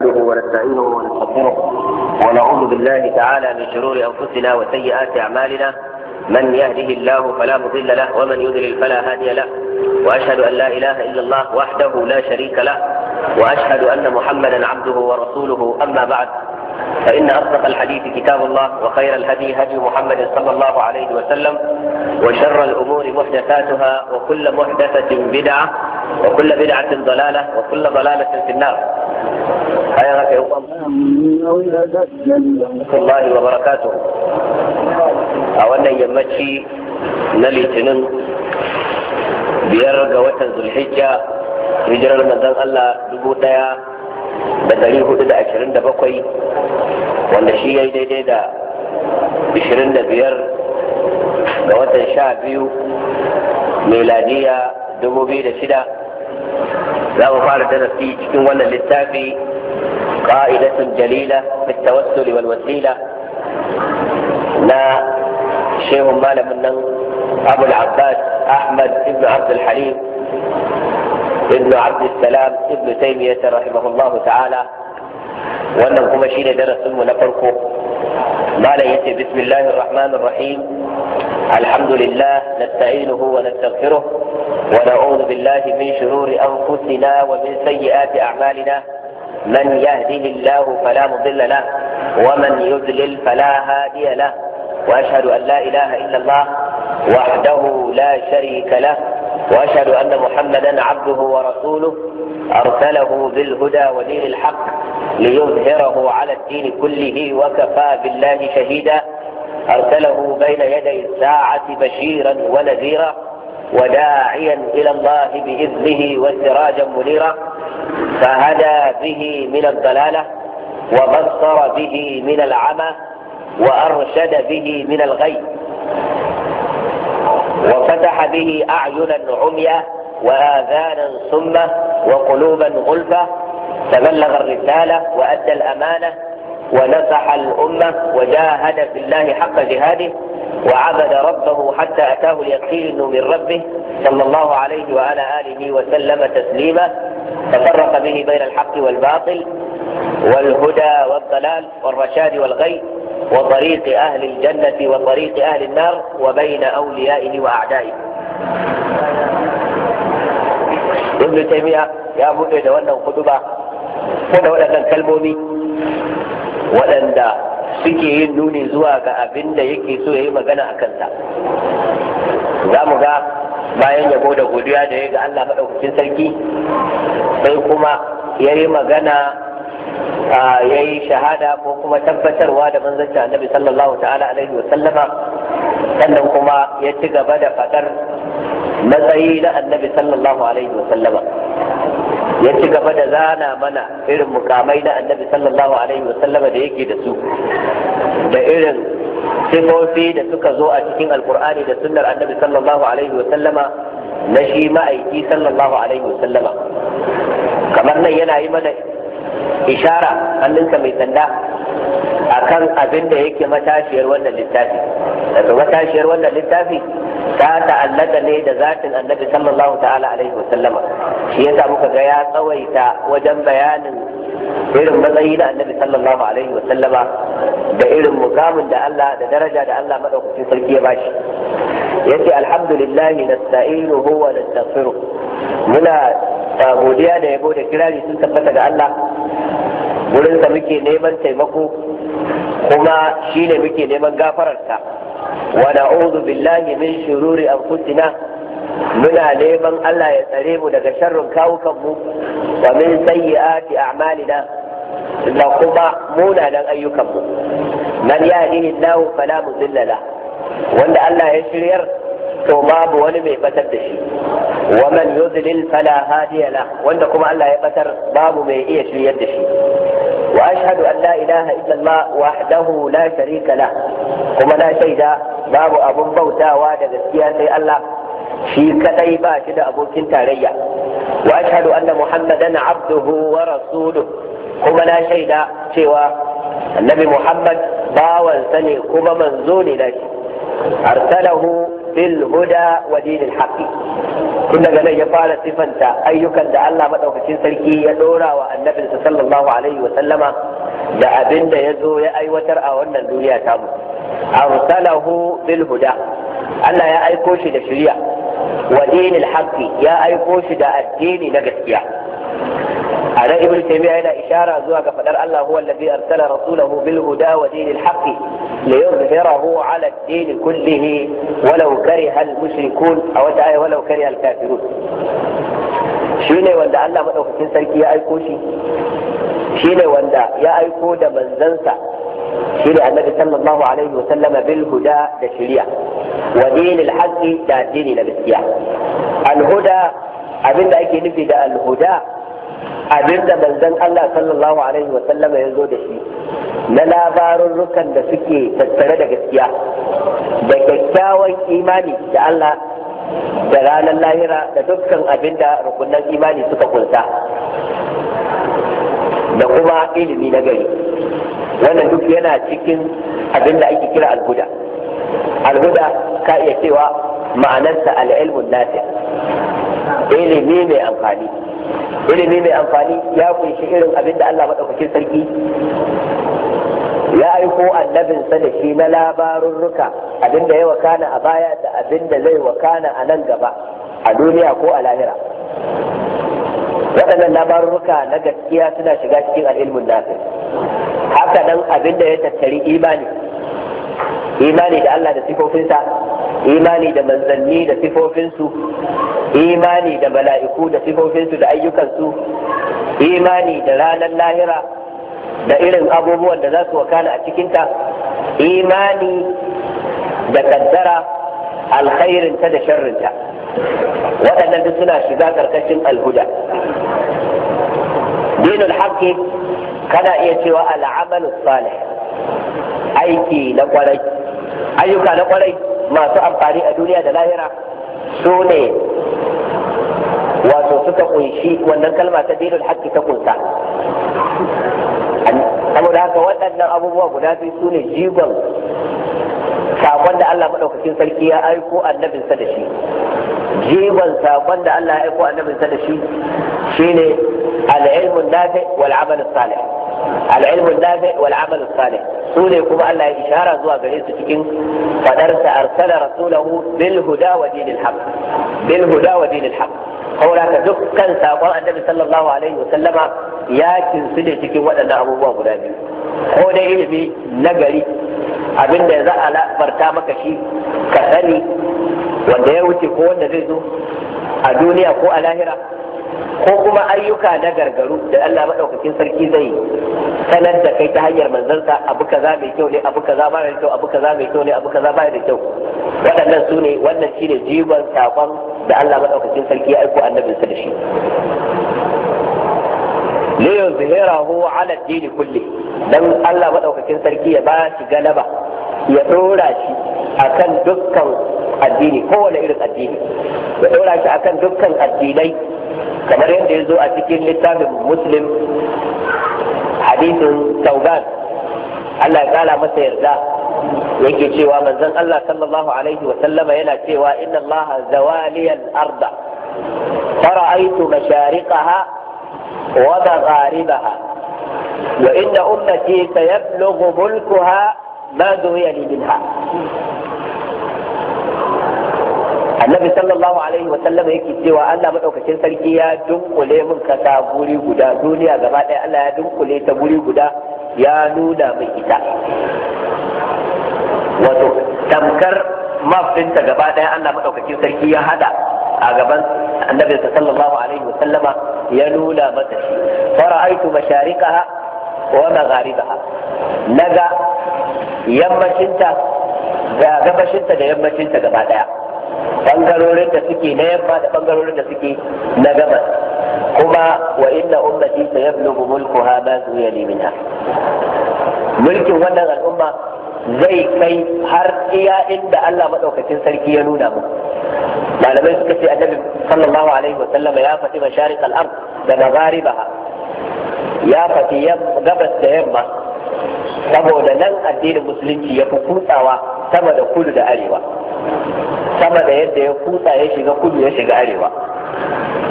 نحمده ونستعينه ونستغفره ونعوذ بالله تعالى من شرور انفسنا وسيئات اعمالنا من يهده الله فلا مضل له ومن يضلل فلا هادي له واشهد ان لا اله الا الله وحده لا شريك له واشهد ان محمدا عبده ورسوله اما بعد فان اصدق الحديث كتاب الله وخير الهدي هدي محمد صلى الله عليه وسلم وشر الامور محدثاتها وكل محدثه بدعه وكل بدعه ضلاله وكل ضلاله في النار bayan haka ya wa barakatu a wannan yammaci na litinin biyar ga watan zulhijja hijirar manzon Allah dubu daya da dari hudu da ashirin da bakwai wanda shi ya yi daidai da ashirin da biyar ga watan sha biyu meladiya dubu biyu da shida لا مفارقة في جملة للتافي قائدة جليلة بالتوسل والوسيلة لا شيء ما لم أبو العباس أحمد بن عبد الحليم ابن عبد السلام ابن تيمية رحمه الله تعالى وأنه هو شيء ونفرقوا ما لا يأتي بسم الله الرحمن الرحيم الحمد لله نستعينه ونستغفره ونعوذ بالله من شرور انفسنا ومن سيئات اعمالنا من يهده الله فلا مضل له ومن يضلل فلا هادي له واشهد ان لا اله الا الله وحده لا شريك له واشهد ان محمدا عبده ورسوله ارسله بالهدى ودين الحق ليظهره على الدين كله وكفى بالله شهيدا أرسله بين يدي الساعة بشيرا ونذيرا وداعيا إلى الله بإذنه وسراجا منيرا فهدى به من الضلالة وبصر به من العمى وأرشد به من الغي وفتح به أعينا عميا وآذانا سمه وقلوبا غلفة تبلغ الرسالة وأدى الأمانة ونصح الأمة وجاهد في الله حق جهاده وعبد ربه حتى أتاه اليقين من ربه صلى الله عليه وعلى آله وسلم تسليما تفرق به بين الحق والباطل والهدى والضلال والرشاد والغي وطريق أهل الجنة وطريق أهل النار وبين أوليائه وأعدائه ابن تيمية يا أبو إيه وانا وخطبة لك وانا كلمومي waɗanda suke yin nuni zuwa ga abin da yake so ya yi magana a kansa za mu ga bayan yabo da godiya da ya ga Allah maɗaukacin sarki sai kuma ya yi magana ya yi shahada ko kuma tabbatarwa da manzanci annabi sallallahu ta'ala alaihi wa sallama sannan kuma ya ci gaba da faɗar matsayi na annabi sallallahu alaihi wa sallama ya ci gaba da zana mana irin mukamai na annabi sallallahu alaihi wasallama da yake da su da irin sifofi da suka zo a cikin alkur'ani da sunnar annabi sallallahu alaihi wasallama na shi ma'aiki sallallahu alaihi wasallama kamar nan yana yi mana ishara hannunka mai sanda kan abin da yake matashiyar wannan littafi daga matashiyar wannan littafi ta ta'allaka ne da zatin annabi sallallahu ta'ala alaihi wa sallama shi yasa muka ga ya tsawaita wajen bayanin irin matsayi na annabi sallallahu alaihi wa sallama da irin mukamin da Allah da daraja da Allah madaukakin sarki ya bashi yace alhamdulillahi nasta'inuhu wa nastaghfiruh muna godiya da yabo da kirari sun tabbata ga Allah Gurin sa muke neman taimako kuma shine muke neman gafararsa wa na'udhu billahi min shururi anfusina muna neman Allah ya tsare mu daga sharrin kawukanmu wa min sayyi'ati a'malina da kuma munanan ayyukanmu man yahdihi Allah fala mudilla la wanda Allah ya shiryar to babu wani mai batar da shi wa man yudlil fala hadiya la wanda kuma Allah ya batar babu mai iya shiryar da shi wa ashhadu an la ilaha illa Allah wahdahu la sharika la kuma na shaida babu abun bautawa da gaskiya sai Allah shi kadai ba shi da abokin tarayya wa ashhadu anna muhammadan abduhu wa rasuluhu kuma na shaida cewa annabi muhammad bawansa ne kuma manzo ne da shi arsalahu bil huda wa dinil haqqi tun daga nan ya fara sifanta ayyukan da Allah madaukakin sarki ya dora wa annabinsa sallallahu alaihi wa sallama da abin da ya zo ya aiwatar a wannan duniya tamu arsalahu bil huda Allah ya aiko shi da shari'a ودين الحق يا اي قوش دا الدين نغسكيا على ابن تيميه هنا اشاره زوجة فقدر الله هو الذي ارسل رسوله بالهدى ودين الحق ليظهره على الدين كله ولو كره المشركون او ولو كره الكافرون شنو ولد الله مدوكتين سركي يا اي قوشي شنو وان يا اي قوش shi annabi sallallahu alaihi wa sallama bil huda da shari'a wa dinil haqqi da dini na gaskiya al huda abinda ake nufi da al huda abinda manzon Allah sallallahu alaihi wa sallama ya zo da shi na labarurrukan da suke tattare da gaskiya da kyakkyawan imani da Allah da ranar lahira da dukkan abinda rukunan imani suka kunsa da kuma ilimi na gari wannan duk yana cikin abin da ake kira alhuda alhuda ka iya cewa ma'anarsa al'ilmun nafi ilimi mai amfani ilimi mai amfani ya kunshi irin abin da Allah maɗaukakin sarki ya aiko sa da shi na labarurruka abin da ya wakana a baya da abin da zai wakana a nan gaba a duniya ko a lahira waɗannan labarurruka na gaskiya suna shiga cikin al'ilmun nafi haka nan abin da ya tattari imani imani da Allah da sifofinsa imani da manzanni da sifofinsu imani da mala'iku da sifofinsu da ayyukansu imani da ranar lahira da irin abubuwan da za su wakana a cikinta imani da kaddara alkhairinta da sharrinta waɗannan duk suna shiga ƙarƙashin alhuda dinul haƙƙi kana iya cewa al'amalu salih aiki na ƙwarai ayyuka na ƙwarai masu amfani a duniya da lahira su ne wato suka kunshi wannan kalma ta dinul ta kunsa saboda haka waɗannan abubuwa guda biyu su ne jigon sakon da Allah maɗaukakin sarki ya aiko annabinsa da shi jiban sakon da Allah ya aiko annabin sa da shi shine al-ilmu nafi wal amal salih al-ilmu nafi wal amal salih sune kuma Allah ya ishara zuwa gare su cikin fadar sa arsala rasulahu bil huda wa dinil haq bil huda wa dinil haq kauraka dukkan sakon annabi sallallahu alaihi wa sallama ya kinsu ne cikin waɗannan abubuwa guda biyu ko dai ilimi gari abinda ya a labarta maka shi ka sani wanda ya wuce ko wanda zai zo a duniya ko a lahira ko kuma ayyuka na gargaru da Allah maɗaukakin sarki zai sanar da kai ta hanyar manzanta abu kaza mai kyau ne abu kaza ba da kyau abu kaza mai kyau ne abu kaza ba da kyau waɗannan su ne wannan shine jigon sakon da Allah maɗaukakin sarki ya aiko annabinsa da shi li yuzhirahu ala ad kulli dan Allah madaukakin sarki ya ba shi galaba ya dora shi akan dukkan addini kowane irin addini ya dora shi akan dukkan addinai kamar yadda ya zo a cikin littafin muslim hadisin saudan Allah ya kala masa yarda yake cewa manzon Allah sallallahu alaihi wa sallama yana cewa inna Allah zawaliyal arda fara'aitu masharikaha ومغاربها وإن أمتي سيبلغ ملكها ما دعي لي منها annabi sallallahu alaihi wasallam yake cewa Allah madaukakin sarki ya dunkule mun kasa guri guda duniya gaba ɗaya Allah ya dunkule ta guri guda ya nuna mun ita wato tamkar mafinta gaba ɗaya Allah madaukakin sarki ya hada a gaban annabi sallallahu alaihi wa sallama ya nuna mata shi fara'aitu mashariqaha wa magharibaha naga yammacinta da gabashinta da yammacinta gaba daya bangarorin da suke na yamma da bangarorin da suke na gabas kuma wa inna ummati sayablughu mulkuha ma zuyali minha mulkin wannan al'umma zai kai har iya inda Allah madaukakin sarki ya nuna mu malamai suka ce annabi sallallahu alaihi wa sallama ya fati masharik al-ard da magharibaha ya fati gabas da yamma saboda nan addinin musulunci ya fi kutsawa sama da kudu da arewa sama da yadda ya kutsa ya shiga kudu ya shiga arewa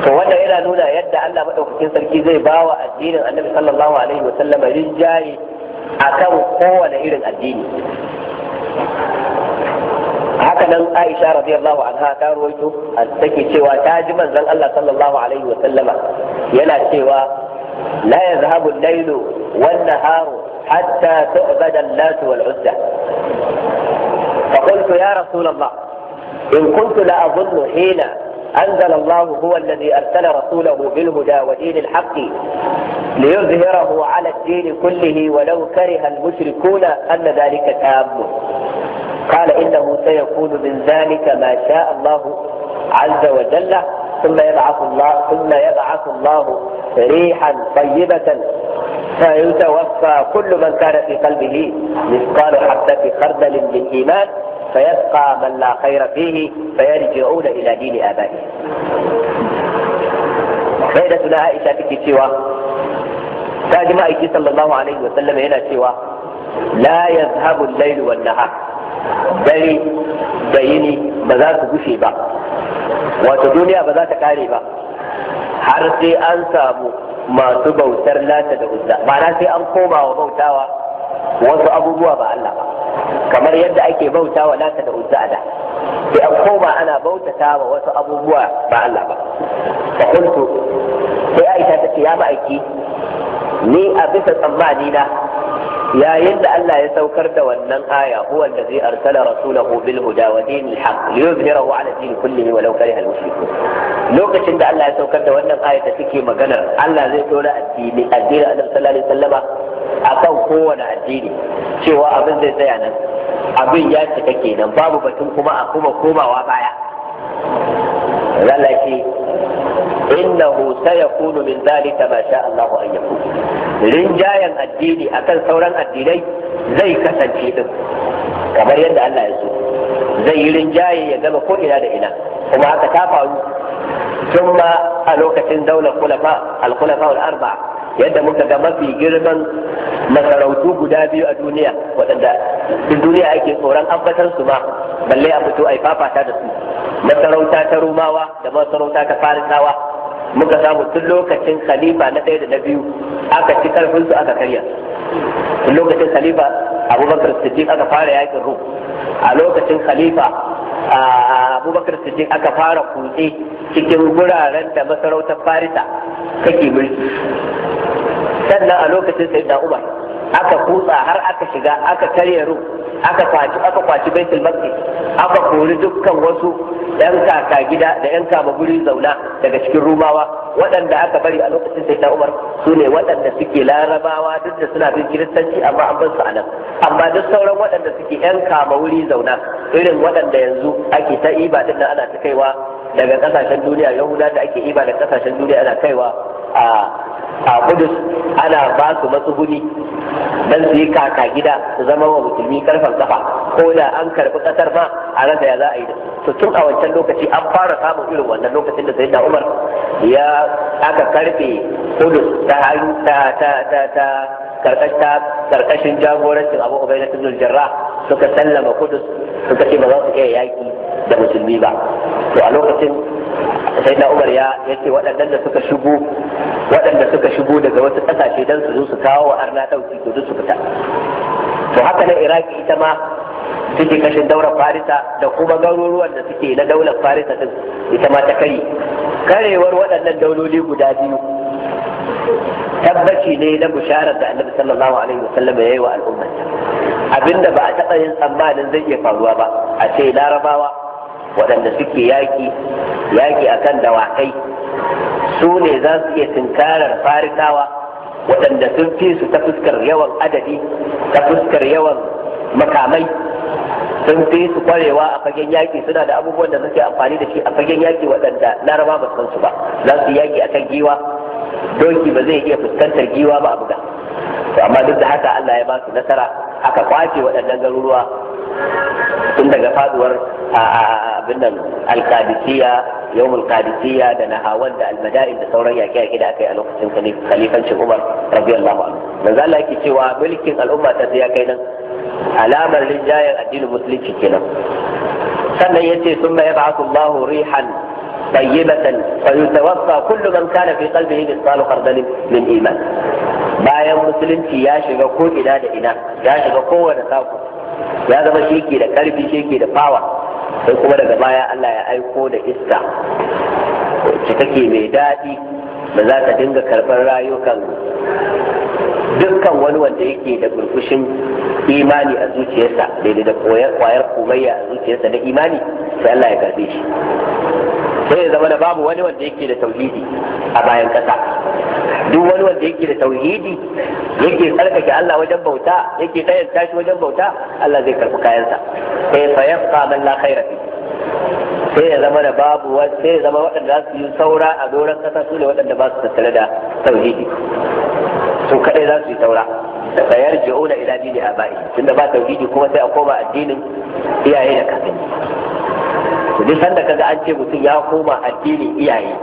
to wannan yana nuna yadda Allah madaukakin sarki zai bawa addinin annabi sallallahu alaihi wa sallama rinjaye akan kowane irin addini haka nan Aisha radiyallahu anha ta ruwaito take cewa ta ji manzon Allah sallallahu alaihi wa sallama yana cewa la yazhabu al-lailu wan-naharu hatta tu'bada al-lat wal-uzza فقلت يا Allah الله إن كنت لأظن حين أنزل الله هو الذي أرسل رسوله بالهدى ودين الحق ليظهره على الدين كله ولو كره المشركون أن ذلك تام قال إنه سيكون من ذلك ما شاء الله عز وجل ثم يبعث الله ثم يبعث الله ريحا طيبة فيتوفى كل من كان في قلبه مثقال حبة خردل من إيمان فيبقى من لا خير فيه فيرجعون إلى دين آبائهم. سيدتنا عائشة في سوى ta ji صلى الله عليه وسلم هنا سوى لا يذهب الليل والنهار dare da yini ba za su gushe ba wato duniya ba za ta kare ba har sai an samu masu bautar lata da uzza na sai an koma wa bautawa wasu abubuwa ba Allah ba kamar yadda ake bautawa lata da uzza da sai an koma ana bautata wa wasu abubuwa ba Allah ba ta kuntu sai Aisha ta ce ya ma'aiki ni a bisa tsammani na yayin da Allah ya saukar da wannan aya huwa allazi arsala rasulahu bil huda wa dinil haqq liyuzhirahu ala din kullihi walau kariha al mushrikun lokacin da Allah ya saukar da wannan aya da take maganar Allah zai dora addini addini Annabi sallallahu alaihi wasallama akan kowane addini cewa abin zai tsaya nan abin ya cika kenan babu batun kuma a kuma komawa baya Allah ce innahu sayakunu min dhalika ma sha Allah an yakun rinjayen addini akan sauran addinai zai kasance din kamar yadda Allah ya so zai yi rinjaye ya gama ko ina da ina kuma haka ta faru tun ma a lokacin daular kulafa al-kulafa yadda muka ga mafi girman masarautu guda biyu a duniya waɗanda duk duniya ake tsoron ambatar su ma balle a fito a fafata da su masarauta ta rumawa da masarauta ta farisawa muka samu tun lokacin khalifa na ɗaya da na biyu aka ci karfin su aka karya tun lokacin khalifa abubakar siddiq aka fara yakin ruhu a lokacin khalifa abubakar siddiq aka fara kutse cikin guraren da masarautar farisa kake mulki sannan a lokacin sayyidina umar aka kutsa har aka shiga aka karya ru aka kwaci aka kwaci baitul maqdis aka kori dukkan wasu yan kaka gida da yan kama guri zauna daga cikin rumawa waɗanda aka bari a lokacin sai ta umar su ne waɗanda suke larabawa duk da suna bin kiristanci amma an bar su a nan amma duk sauran waɗanda suke yan kama wuri zauna irin waɗanda yanzu ake ta iba din ana ta kaiwa daga kasashen duniya yahuda da ake iba daga kasashen duniya ana kaiwa a a kudus ana ba su matsuguni dan su yi kaka gida su zama wa musulmi karfan kafa ko da an karbi kasar ma a rasa ya za a yi da su tun a wancan lokaci an fara samun irin wannan lokacin da sayyidina umar ya aka karfe kudus ta ta ta ta ta karkashin jagorancin abu ubaidatu ibn jarra suka sallama kudus suka ce ba za su iya yaki da musulmi ba to a lokacin sai na umar ya yace waɗannan da suka shigo waɗanda suka shigo daga wasu ƙasashe don su zo su kawo wa arna ɗauki to duk su fita to haka nan iraki ita ma suke kashin daular farisa da kuma garuruwan da suke na daular farisa din ita ma ta kari karewar waɗannan dauloli guda biyu tabbaci ne na bisharar da annabi sallallahu alaihi wasallam ya yi wa al'ummata abinda ba a taɓa yin tsammanin zai iya faruwa ba a ce larabawa waɗanda suke yaƙi yaƙi akan dawakai su ne za su iya tunkarar farisawa waɗanda sun fi su ta fuskar yawan adadi ta fuskar yawan makamai sun fi su kwarewa a fagen yaƙi suna da abubuwan da suke amfani da shi a fagen yaƙi waɗanda laraba ba san su ba za su yaƙi akan giwa doki ba zai iya fuskantar giwa ba a buga to amma duk da haka Allah ya ba su nasara aka kwace waɗannan garuruwa tun daga faduwar abin nan alkadisiya yawmul qadisiyya da nahawan da almada'in da sauran yaƙe-yaƙe da aka yi a lokacin khalifancin Umar radiyallahu anhu manzo Allah yake cewa mulkin al'umma ta sai ya kai nan alamar linjayen addinin musulunci kenan sannan sun summa yab'athu Allahu rihan tayyibatan fayutawaffa kullu man kana fi qalbihi mithqalu khardalin min iman bayan musulunci ya shiga ko ina da ina ya shiga kowane sako ya zama shi ke da karfi shi ke da fawa sai kuma daga baya Allah ya aiko da iska ce take mai daɗi da za ta dinga karɓar rayukan dukkan wani wanda yake da burkushin imani a zuciyarsa daidai da kwayar komayya a zuciyarsa na imani sai Allah ya karɓe shi sai ya zama da babu wani wanda yake da tauhidi a bayan kasa duk wani wanda yake da tauhidi yake tsarkake Allah wajen bauta yake tayan tashi wajen bauta Allah zai karɓi kayansa sai fa yabqa man la kai fi sai ya zama da babu sai ya zama waɗanda za su yi saura a doron kasa su ne waɗanda ba su tattare da tauhidi su kaɗai za su yi saura da yarji'una ila dini abai tunda ba tauhidi kuma sai a koma addinin iyaye da kafin. to duk sanda kaga an ce mutum ya koma addinin iyaye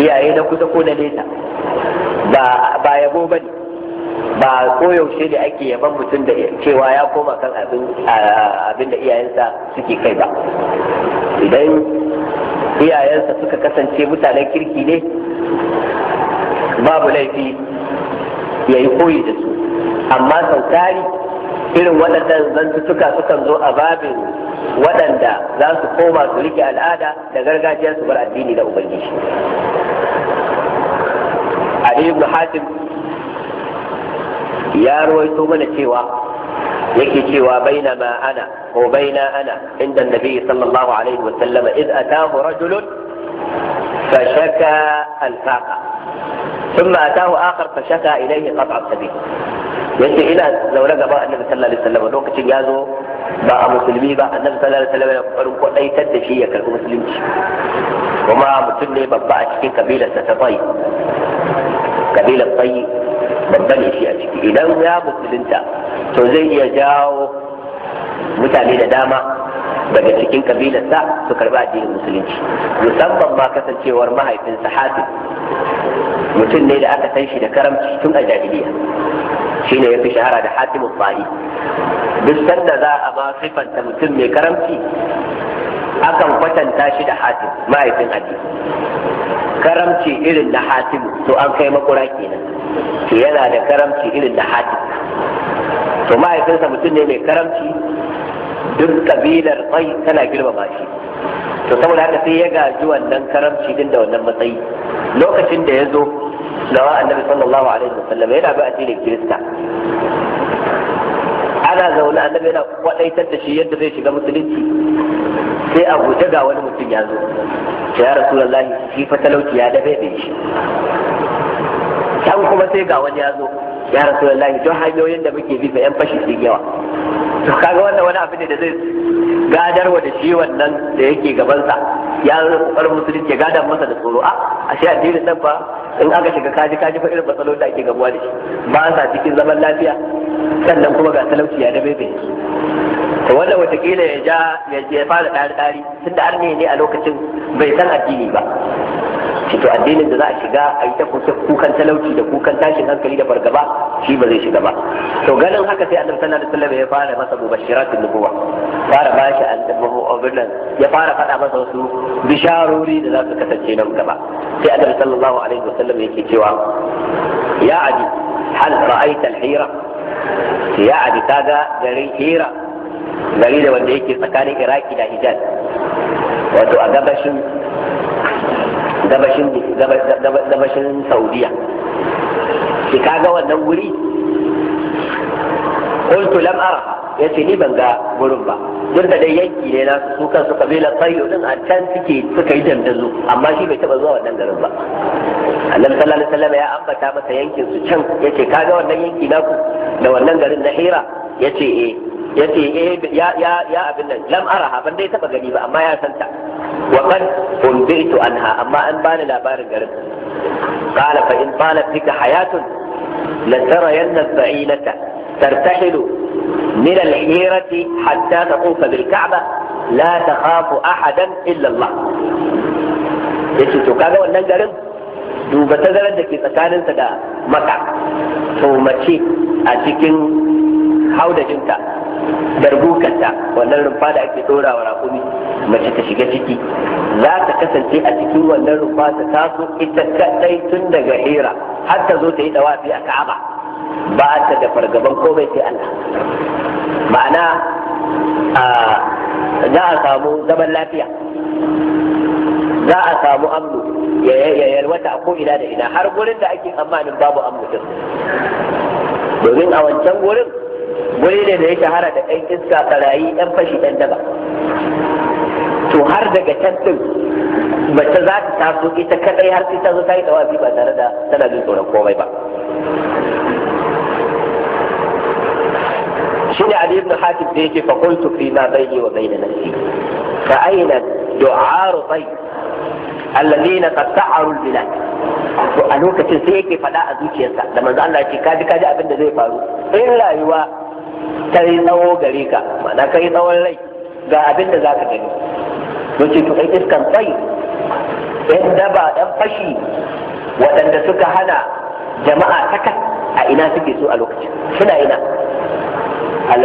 iyaye na kusa ko na nesa ba ba yabo bane ba koyaushe da ake yaban mutum da cewa ya koma kan abin da iyayensa suke kai ba idan iyayensa suka kasance mutanen kirki ne babu laifi ya yi koyi da su amma sau tari irin waɗannan zantutuka sukan zo a babin waɗanda za su koma su rike al'ada da gargajiyar su bar addini da ubangiji ali ibn hatim ya rawaito mana cewa yake cewa baina ma ana ko baina ana inda nabi sallallahu alaihi wa sallam id atahu rajul fa shaka al-faqa ثم أتاه آخر فشكى إليه قطع السبيل yace ina zaune gaba annabi sallallahu alaihi wasallam lokacin ya zo ba a musulmi ba annabi sallallahu alaihi wasallam ya kokarin kwadaitar da shi ya karbi musulunci kuma mutum ne babba a cikin kabilarsa ta tsayi kabilar tsayi babba ne shi a ciki idan ya musulunta to zai iya jawo mutane da dama daga cikin kabilarsa su karbi addinin musulunci musamman ma kasancewar mahaifinsa hatim mutum ne da aka san shi da karamci tun a jahiliya Shi ya yafi shahara da hatimu fa'i duk sanda za a ba sifanta mutum mai karamci akan kwatanta shi da hatim ma'aikin adi karamci irin na hatim to an kai makura kenan to yana da karamci irin na hatim to ma'aikinsa mutum ne mai karamci duk kabilar tsai tana girmama shi to saboda haka sai ya gaji wannan karamci din da wannan matsayi lokacin da ya zo nawa annabi sallallahu alaihi sallam yana ba addinin kirista ana zaune annabi yana kwadaitar da shi yadda zai shiga musulunci sai a guje ga wani mutum ya zo ce ya rasulullahi shi fa talauci ya dabe shi can kuma sai ga wani ya zo ya rasu lallahi don hanyoyin da muke bi fa yan fashi sun yawa to kaga wannan wani abu ne da zai wa da shi wannan da yake gabansa ya zo kokarin musulunci gadar masa da tsoro a ashe addinin nan fa in aka shiga kaji kaji fa irin matsalolin da ake gabuwa da shi ba sa cikin zaman lafiya sannan kuma ga talauci ya da bebe to wanda watakila ya ja ya fara ɗari ɗari tun da arne ne a lokacin bai san addini ba to addinin da za a shiga a yi ta kukan talauci da kukan tashin hankali da fargaba shi ba zai shiga ba to ganin haka sai annabi sallallahu alaihi wasallam ya fara masa mubashiratun nubuwa fara ba shi a birnin ya fara faɗa masa wasu bisharori da za su kasance nan gaba sai annabi sallallahu alaihi wasallam yake cewa ya abi hal ra'aita al-hira ya abi kaga garin hira gari da wanda yake tsakanin iraki da hijaz wato a gabashin gabashin saudiya ki kaga wannan wuri qultu lam ara yace ni ban ga gurin ba duk da dai yanki ne na su su kabila tsayo din a can suke suka yi dandazo amma shi bai taba zuwa wannan garin ba annabi sallallahu alaihi wasallam ya ambata masa yankin su can yace kaga wannan yanki naku da wannan garin na hira yace eh Eh, ya ce ya abin nan lam araha ban dai taba gani ba amma ya ta wa qad umbitu anha amma an bani labarin garin qala fa in talat bika hayatun la tarayanna ba'ilata tartahilu min al-hirati hatta taqufa bil ka'ba la takhafu ahadan illa Allah yace to kaga wannan garin duba tazarar da ke tsakaninsa da maka to mace a cikin haudajinta darbukanta wannan rumfa da ake dora wa rakumi mace ta shiga ciki za ta kasance a cikin wannan rumfa ta taso ita kadai tun daga hira har ta zo ta yi dawafi a ka'aba ba ta da fargaban komai sai Allah ma'ana za a samu zaman lafiya za a samu amnu ya yalwata a ko'ina da ina har gurin da ake tsammanin babu amnu din domin a wancan gurin wuri ne da ya shahara da ɗan iska ɓarayi ɗan fashi ɗan daba to har daga can ɗin mace za ta taso ita kaɗai har sai ta zo ta yi tawafi ba tare da tana jin tsoron komai ba Ali ne da yake بن حاتم na فقلت فيما بيني وبين نفسي فأين دعار طيب الذين قد سعروا البلاد to a lokacin sai yake faɗa a zuciyarsa da manzo Allah ce kaji kaji abin da zai faru in rayuwa ta yi tsawo gare ka ma'ana ka yi tsawon rai ga abin da za ka gani yace to kai iskan tsayi yan daba ɗan fashi waɗanda suka hana jama'a takas a ina suke so a lokaci. suna ina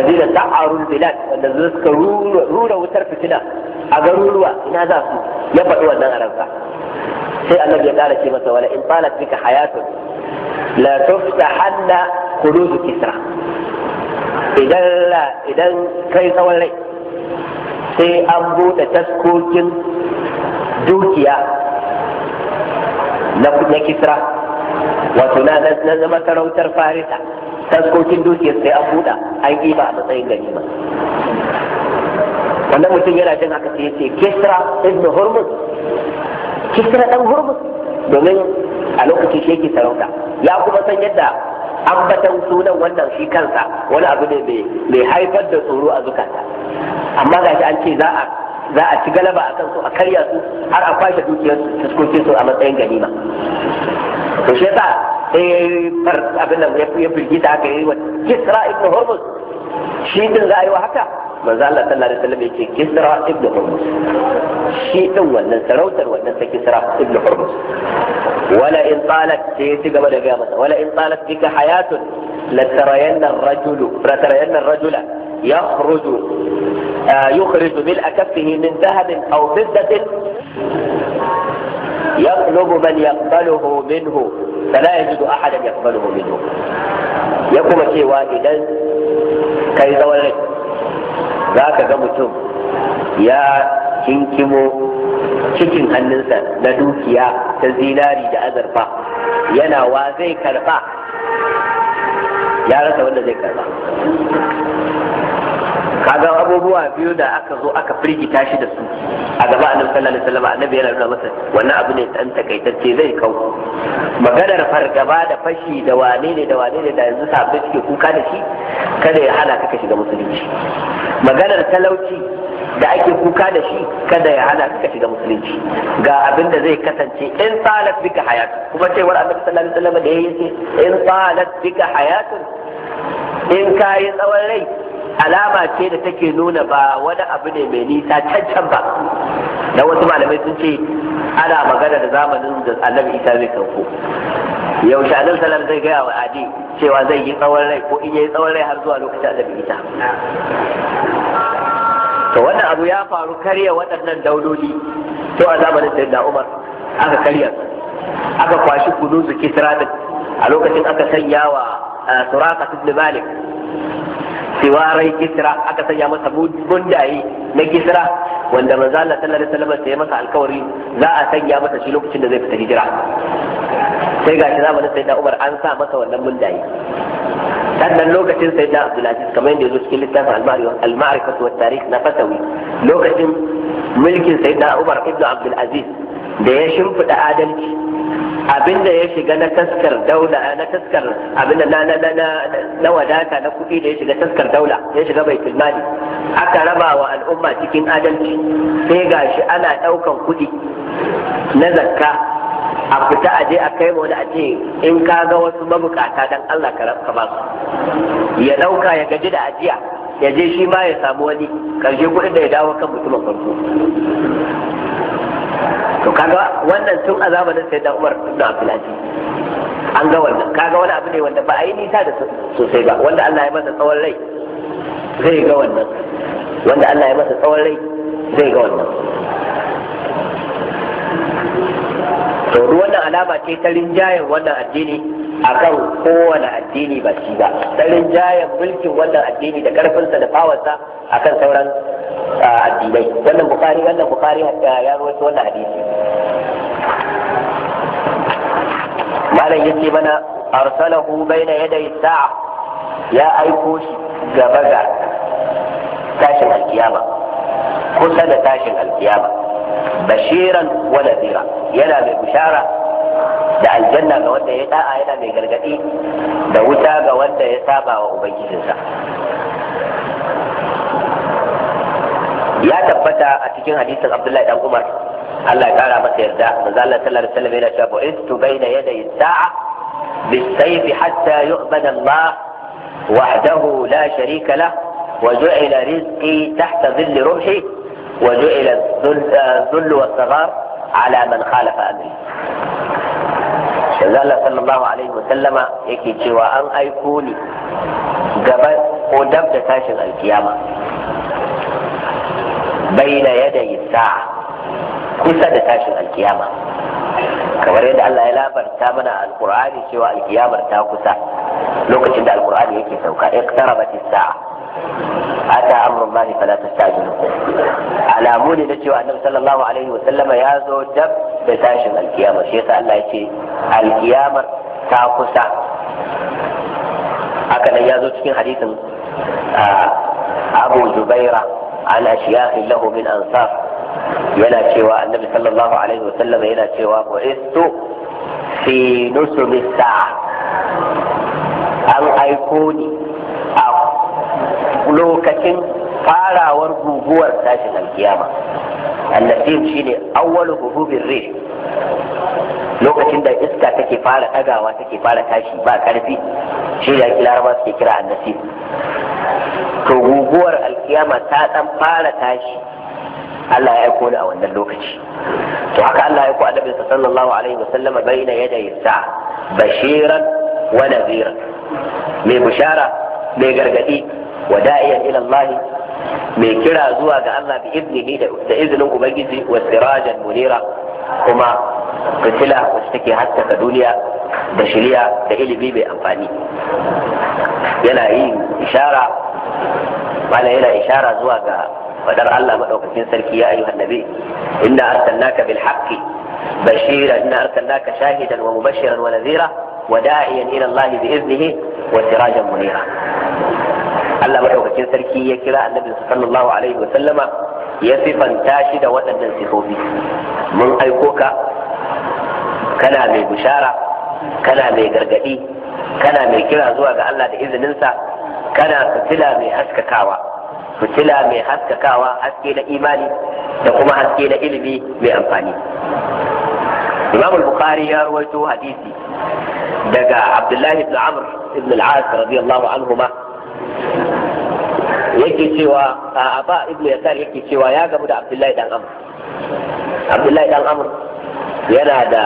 da sa'arul bilad wanda suka rura wutar fitina a garuruwa ina za su ya faɗi wannan a ranka sai annabi ya ƙara ce masa wala in talat bika hayatun la tuftahanna khulud kisra idan kai tsawon rai sai an buɗe taskokin dukiya na kisra wato na zama sarautar farisa taskokin dukiya sai an bude an ba a matsayin ganima wannan mutum yana jin haka sai ce kisra ibn hormuz kisra dan hormuz domin a lokacin shi yake sarauta ya kuma san yadda ambatan sunan wannan shi kansa wani abu ne mai haifar da tsoro a zukata amma gashi an ce za a za a ci galaba a kansu a karya su har a kwashe dukiyar fuskokin su a matsayin ganima to shi yasa sai far abin nan ya firgita aka yi wa kisra ibn hormuz shi din za a yi wa haka manzo Allah sallallahu alaihi wasallam yake Kisra ibn Hurmus shi din wannan sarautar wannan ta Kisra ibn Hurmus wala in talat sai ci gaba da gaya masa wala in talat bika hayatun la tarayanna ar-rajulu la tarayanna ar-rajula yakhruju يخرج bil akfihi min ذهب aw فضة يطلب من يقبله منه فلا يجد أحدا يقبله منه يقوم cewa idan kai زوال za ka ga mutum ya kinkimo cikin hannunsa na dukiya ta zinari da azurfa yana wa zai karba ya rasa wanda zai karba kaga abubuwa biyu da aka zo aka firgita shi da su a gaba annabi sallallahu alaihi wasallam annabi yana nuna masa wannan abu ne dan takaitacce zai kau maganar fargaba da fashi da wane ne da wane ne da yanzu sabbin suke kuka da shi kada ya hana ka shiga musulunci maganar talauci da ake kuka da shi kada ya hana ka shiga musulunci ga abin da zai kasance in salat bika hayat kuma cewar annabi sallallahu alaihi wasallam da yayi in salat bika hayatun in kai tsawon rai alama ce da take nuna ba wani abu ne mai nisa cancan ba Na wasu malamai sun ce ana magana da zamanin da annabi isa zai kanko yaushe annabi salar zai gaya wa adi cewa zai yi tsawon rai ko in yi tsawon rai har zuwa lokacin annabi isa to wannan abu ya faru karya waɗannan dauloli to a zamanin da na umar aka karya aka kwashi su kisra a lokacin aka sanya wa eh, suraka ibn malik kiwarai kisra aka sanya masa mundaye na kisra wanda manzo Allah sallallahu alaihi wasallam sai masa alkawari za a sanya masa shi lokacin da zai fita hijira sai gashi zamanin sayyida Umar an sa masa wannan mundaye sannan lokacin sayyida Abdulaziz kamar yadda yazo cikin littafin al-ma'rifatu wat-tarikh na Fatawi lokacin mulkin sayyida Umar ibn Abdul Aziz da ya shimfiɗa adalci abinda ya shiga na taskar daula na taskar abinda na na na na wadata na kuɗi da ya shiga taskar daula ya shiga bai tilmani aka raba wa al'umma cikin adalci sai ga shi ana ɗaukan kuɗi na zakka a fita a je a kai wani a ce in ka ga wasu mabukata dan Allah ka ba su ya ɗauka ya gaji da ajiya ya je shi ma ya samu wani karshe kuɗin da ya dawo kan mutumin farko to kaga wannan tun a zamanin sai da umar ibn abdulaziz an ga wannan kaga wani abu ne wanda ba a yi nisa da sosai ba wanda Allah ya masa tsawon rai zai ga wannan wanda Allah ya masa tsawon rai zai ga wannan to ruwan alama ce ta rinjayen wannan addini akan kowane addini ba shi ba tsarin jayen mulkin wannan addini da karfinsa da fawarsa akan sauran addinai wannan bukari wannan bukari ya rawaito wannan hadisi malam yace mana arsalahu baina ya sa'a ya aiko shi gaba ga tashin alkiyama kusa da tashin alkiyama bashiran wa nadira yana mai bishara da aljanna ga wanda ya da'a yana mai gargadi da wuta ga wanda ya saba wa ubangijinsa ya tabbata a cikin hadisin abdullahi dan umar Allah ya kara masa yarda manzo Allah sallallahu alaihi wasallam yana cewa bu'istu baina yaday sa'a bis-sayfi hatta yu'bada Allah wahdahu la sharika lah وجعل رزقي تحت ظل رمحي وجعل الذل والصغار على من خالف أمري manzo Allah sallallahu alaihi wasallama yake cewa an aiko ni gaba ko dab da tashin alkiyama baina yadayi sa'a kusa da tashin alkiyama kamar yadda Allah ya labarta mana alkur'ani cewa alkiyamar ta kusa lokacin da alkur'ani yake sauka iqtarabat as-sa'a أتى أمر الله فلا تستعجلوا على مولي نجي النبي صلى الله عليه وسلم يا ذو الدب بتاشم القيامة شيخ ألا يتي القيامة تاقصا هكذا يا ذو في حديث آه، أبو زبيرة عن أشياخ له من أنصار ينا شوى النبي صلى الله عليه وسلم يلا شوى بعثت في نسم الساعة أن أيقوني lokacin farawar guguwar tashin alkiyama annasir shine awwal hurubin rih lokacin da iska take fara dagawa take fara tashi ba karfi shi da laraba suke kira annasir to guguwar alkiyama ta dan fara tashi Allah ya aiko ni a wannan lokaci to haka Allah ya aiko annabi sallallahu alaihi wasallama baina yadayi sa bashiran wa nadhira mai bushara mai gargadi wada'iyan ila Allah mai kira zuwa ga Allah bi iznihi da izinin ubangiji wa sirajan munira kuma fitila wacce take haskaka duniya da shiriya da ilimi mai amfani yana yin ishara bala yana ishara zuwa ga fadar Allah madaukakin sarki ya ayyuhan nabi inna arsalnaka bil haqqi bashiran inna arsalnaka shahidan wa wa وداعيا الى الله باذنه وسراجا منيرا Allah madaukakin sarki ya kira annabi sallallahu alaihi wa sallama ya sifanta shi da waɗannan sifofi mun aiko ka kana mai bishara kana mai gargadi kana mai kira zuwa ga Allah da izininsa kana fitila mai haskakawa fitila mai haskakawa haske na imani da kuma haske na ilimi mai amfani imam al-bukhari ya rawaito hadisi daga abdullahi ibn amr ibn al-as radiyallahu anhuma yake cewa a ba ibnu yasar yake cewa ya gamu da abdullahi dan amr abdullahi dan amr yana da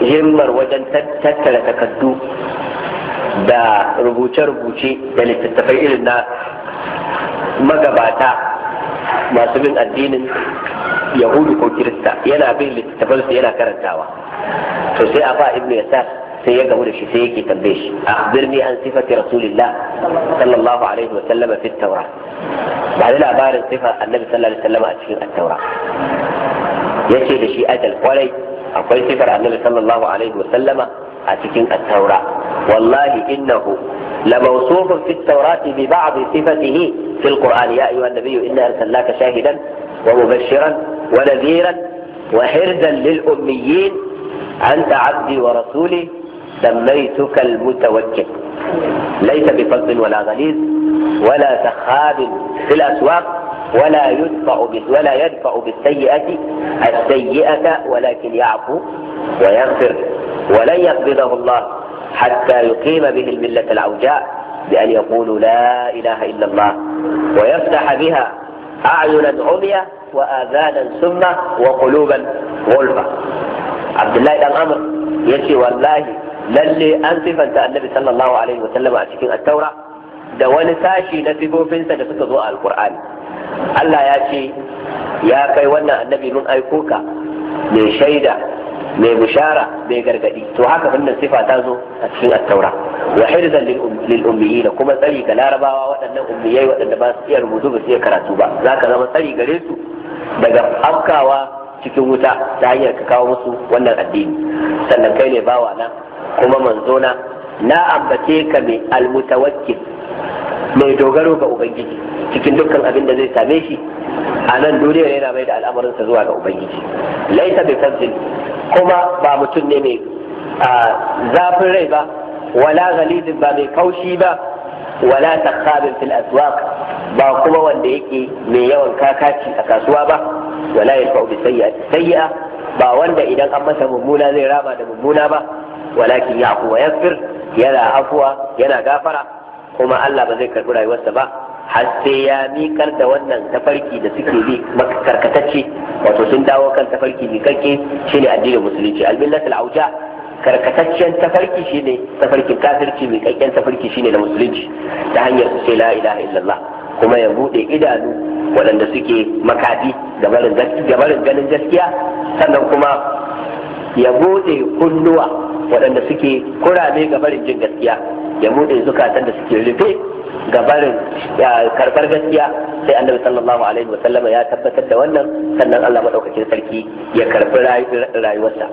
himmar wajen tattara takaddu da rubuce-rubuce da littattafai irin na magabata masu bin addinin yahudu ko kirista yana bin littattafansu yana karantawa to sai a ba ibnu yasar سيده لشفيك تلبيش اخبرني عن صفه رسول الله صلى الله عليه وسلم في التوراه بعد لا بار صفه النبي صلى الله عليه وسلم في التوراه يشي لشي اجل ولي اقول صفه النبي صلى الله عليه وسلم في التوراه والله انه لموصوف في التوراه ببعض صفته في القران يا ايها النبي انا ارسلناك شاهدا ومبشرا ونذيرا وحرزا للاميين انت عبدي ورسولي سميتك المتوكل ليس بفظ ولا غليظ ولا سخاب في الأسواق ولا يدفع ولا يدفع بالسيئة السيئة ولكن يعفو ويغفر ولن يقبضه الله حتى يقيم به الملة العوجاء بأن يقولوا لا إله إلا الله ويفتح بها أعينا عمية وآذانا سمة وقلوبا غلفة عبد الله بن عمرو يشي والله lalle an sifanta annabi sallallahu alaihi wa sallama a cikin attaura da wani sashi na sifofinsa da suka zo a alkur'ani Allah ya ce ya kai wannan annabi mun aiko ka mai shaida mai bushara mai gargadi to haka wannan sifa ta zo a cikin attaura taura wa hirzan um-, lil ummiyina kuma tsari ga larabawa waɗannan ummiyai waɗanda ba su iya rubutu ba su iya karatu ba zaka zama tsari gare su daga afkawa cikin wuta ta hanyar ka kawo musu wannan addini sannan kai ne bawa na kuma manzona na ambace ka mai almutawakkil mai dogaro ga ubangiji cikin dukkan abin da zai same shi a nan duniyar yana mai da al'amarinsa zuwa ga ubangiji laita bi fazil kuma ba mutum ne mai zafin rai ba wala ghalidin ba mai kaushi ba wala takhabin fil aswaq ba kuma wanda yake mai yawan kakaci a kasuwa ba wala yalfa'u bi sayyi'a ba wanda idan an masa mummuna zai raba da mummuna ba walakin ya afuwa ya fir yana afuwa yana gafara kuma Allah ba zai karbi rayuwarsa ba har sai ya mikar da wannan tafarki da suke bi karkatacce wato sun dawo kan tafarki shi shine addinin musulunci al-millatul karkataccen tafarki shine tafarkin kafirci mikakken tafarki shine da musulunci ta hanyar su sai la ilaha illallah kuma ya bude idanu waɗanda suke makafi gabarin ganin gaskiya sannan kuma ya bude kunnuwa waɗanda suke kurame ga barin jin gaskiya ya buɗe zukatan da suke rufe ga barin karɓar gaskiya sai annabi sallallahu alaihi wa sallama ya tabbatar da wannan sannan Allah madaukakin sarki ya karbi rayuwarsa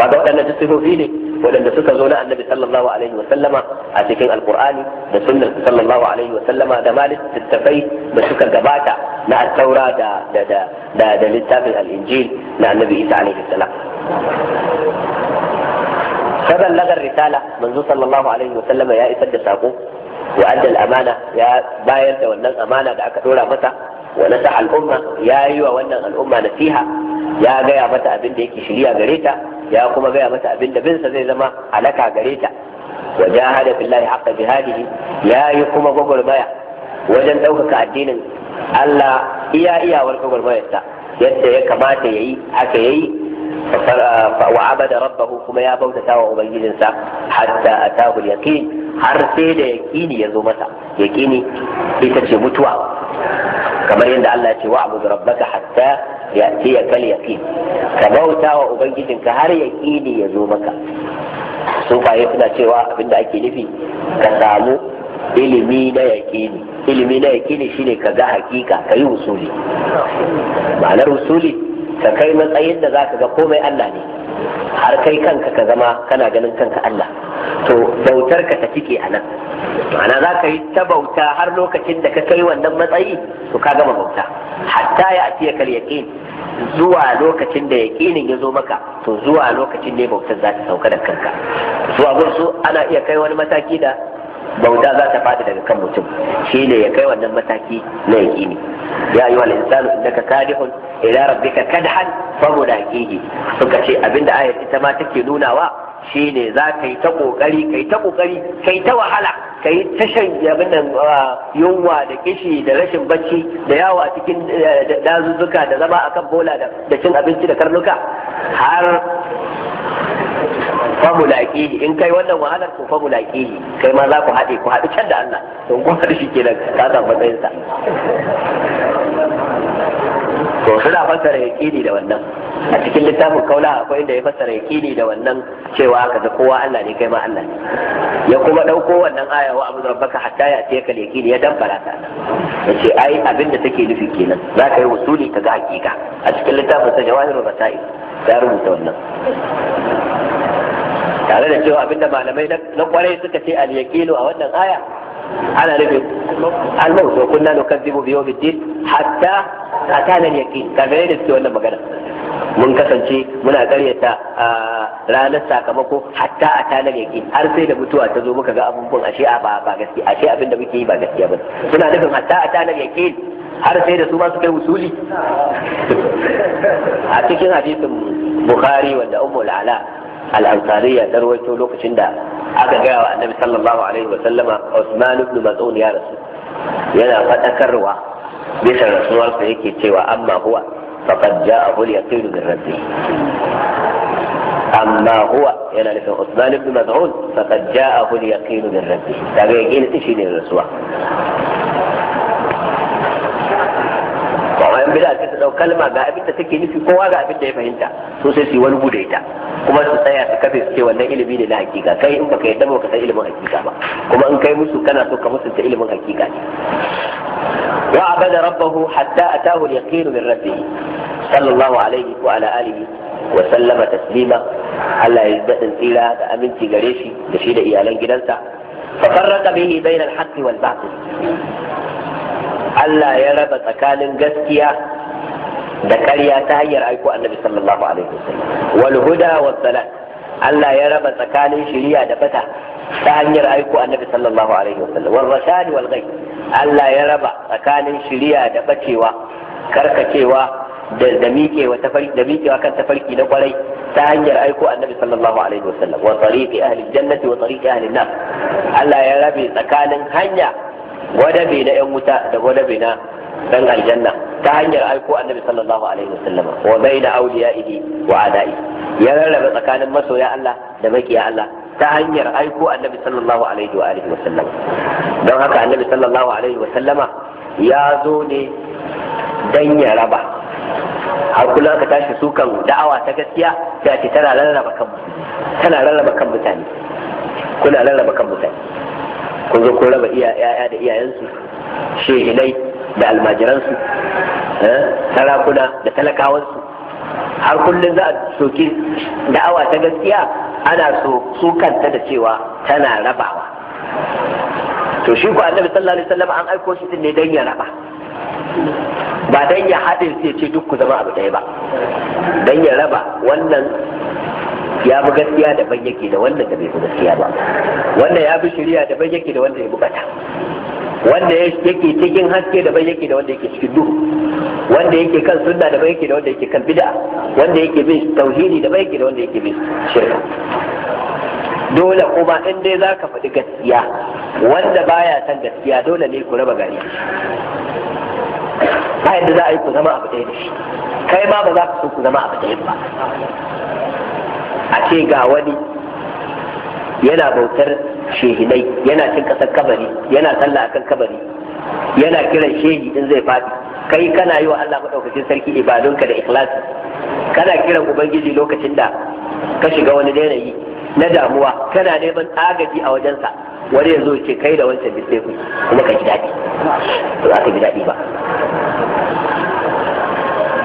kaga waɗannan sifofi ne waɗanda suka zo na annabi sallallahu alaihi wa sallama a cikin alqur'ani da sunnar sallallahu alaihi wa sallama da malik tattafai da suka gabata na taura da da da da littafin al-injil na annabi isa alaihi salam فبلغ الرسالة منذ صلى الله عليه وسلم يا إسد ساقو وأدى الأمانة يا باير وأن الأمانة دعك دورا متى ونسح الأمة يا أيوة وأن الأمة نسيها يا جاي متى أبن ديك شليا غريتا يا كما جاي متى أبن دبنسا زي زما عليك غريتا وجاهد في الله حق جهاده يا يكما غوغل بايا وجن دوكك الدين الله إيا إيا والغوغل بايا يدى يكمات يي حكى يي وعبد ربه كما يا بوتا تاوى أبيجنسا حتى أتاه اليقين har sai da yaƙini ya zo masa ita ce mutuwa kamar yadda Allah ce wa abu rabbaka hatta ya ce ya kal yaqin ka bauta wa ubangijinka har yaƙini ya zo maka sufaye suna cewa abinda ake nufi ka samu ilimi na yaƙini ilimi na yakini shine ka ga hakika ka yi usuli ma'anar usuli ka kai matsayin da zaka ga komai Allah ne har kai kanka ka zama kana ganin kanka Allah to bautar ka ta cike a nan ma'ana za ka yi ta bauta har lokacin da ka kai wannan matsayi to ka gama bauta hatta ya atiya kal yaqin zuwa lokacin da yaqinin ya zo maka to zuwa lokacin ne bautar za ta sauka da kanka zuwa su ana iya kai wani mataki da bauta za ta faɗi daga kan mutum shi ne ya kai wannan mataki na ne ya yi wani insanu kadi hun ila rabbika kadhan fa mulaqihi suka ce abinda ayar ita ma take nunawa shi ne za ka yi ta kokari yi ta kokari yi ta wahala yi ta shan abin nan uh, yunwa da kishi da rashin bacci da yawa a cikin uh, dazuzzuka da zama a kan bola da cin abinci da karnuka har famulaƙihi in kai wannan wahalar to famulaƙihi kai ma za ku haɗe ku haɗu can da Allah to ku haɗu shi nan ka san matsayin sa to suna fassara yaqini da wannan a cikin littafin kaula akwai inda ya fassara yaqini da wannan cewa ga kowa Allah ne kai ma Allah ne ya kuma ɗauko wannan aya wa abu rabbaka hatta ya ce ka yaqini ya dambara ta yace ai abin da take nufi kenan za ka yi usuli ka ga hakika a cikin littafin sa jawahirul rasail ya rubuta wannan tare da cewa abinda malamai na kwarai suka ce aliyakilu a wannan aya ana nufin al kunna wa kan zibo, biyo, yawmiddin hatta a tanar yaki kamar yadda suke wannan magana mun kasance muna karyata ranar sakamako hatta a tanar yaki har sai da mutuwa ta zo muka ga abubuwan ashe a ba ba gaskiya ashe abin da muke yi ba gaskiya ba suna nufin hatta a tanar yaki har sai da su ba su kai usuli a cikin hadisin bukhari wanda ummu ala al'amfani ansariya ta lokacin da aka gaya wa annabi sallallahu alaihi wa sallama Usman ibn Mas'ud ya rasu yana fadakarwa bisa rasuwarsa yake cewa amma huwa faqad ja'ahu al-yaqin min rabbih amma huwa yana nufin Usman ibn Mas'ud faqad ja'ahu al-yaqin min rabbih kaga yaqin shi ne rasuwa bid'a sai su dau kalma ga abin da take nufi kowa ga abin da ya fahimta sosai sai su yi wani guda ita kuma su tsaya su kafe su ce wannan ilimi ne na hakika kai in baka yadda baka san ilimin hakika ba kuma in kai musu kana so ka musunta ilimin hakika ne wa abada rabbahu hatta atahu al-yaqin min rabbih sallallahu alaihi wa ala alihi wa sallama taslima Allah ya daɗin tsira da aminci gare shi da shi da iyalan gidansa fa farraqa bihi bainal haqqi wal batil Allah ya raba tsakanin gaskiya da ƙarya ta hanyar aiko annabi sallallahu alaihi wasallam wal huda was salat Allah ya raba tsakanin shiriya da fata ta hanyar aiko annabi sallallahu alaihi wasallam wal rashad wal ghaib Allah ya raba tsakanin shiriya da bacewa karkacewa da da miƙewa tafarki da miƙewa kan tafarki na kwarai ta hanyar aiko annabi sallallahu alaihi wasallam wa tariqi ahli jannati wa tariqi ahli nar Allah ya rabe tsakanin hanya gwadabe na yan wuta da gwadabe na dan aljanna ta hanyar aiko annabi sallallahu alaihi wasallam wa baina awliyaihi wa adai ya rarraba tsakanin masoya Allah da makiya Allah ta hanyar aiko annabi sallallahu alaihi wa alihi wasallam don haka annabi sallallahu alaihi wasallama ya zo ne dan ya raba har kullum aka tashi sukan da'awa ta gaskiya da ce tana rarraba kan tana rarraba kan mutane kuna rarraba kan mutane kun zo kun raba 'ya'ya da iyayensu shehinai da almajiransu eh, sarakuna da talakawansu har kullum za a soki da'awa ta gaskiya ana so su kanta da cewa tana rabawa to shi ku annabi sallallahu alaihi wasallam an aiko shi din ne dan ya raba ba dan ya haɗe sai ce duk ku zama abu ɗaya ba dan ya raba wannan ya bi gaskiya da daban yake da wanda da bai bi gaskiya ba wanda ya bi shari'a daban yake da wanda ya bukata bata wanda yake cikin haske da daban yake da wanda yake cikin duhu wanda yake kan sunna daban yake da wanda yake kan bid'a wanda yake bin tauhidi daban yake da wanda yake bin shirka dole kuma in dai za ka faɗi gaskiya wanda baya san gaskiya dole ne ku raba gari ba yadda za a yi ku zama abu ɗaya da shi kai ma ba za ka so ku zama abu ɗaya ba a ce ga wani yana bautar shehidai yana cin kasar kabari yana sallah akan kabari yana kiran shehi in zai faɗi kai kana yi wa Allah maɗaukacin sarki ibadunka da ikhlasi kana kiran ubangiji lokacin da ka shiga wani yanayi na damuwa kana neman agaji a wajensa wani yanzu ce kai da wancan bisne ku kuma ka ji daɗi ba za ka ji daɗi ba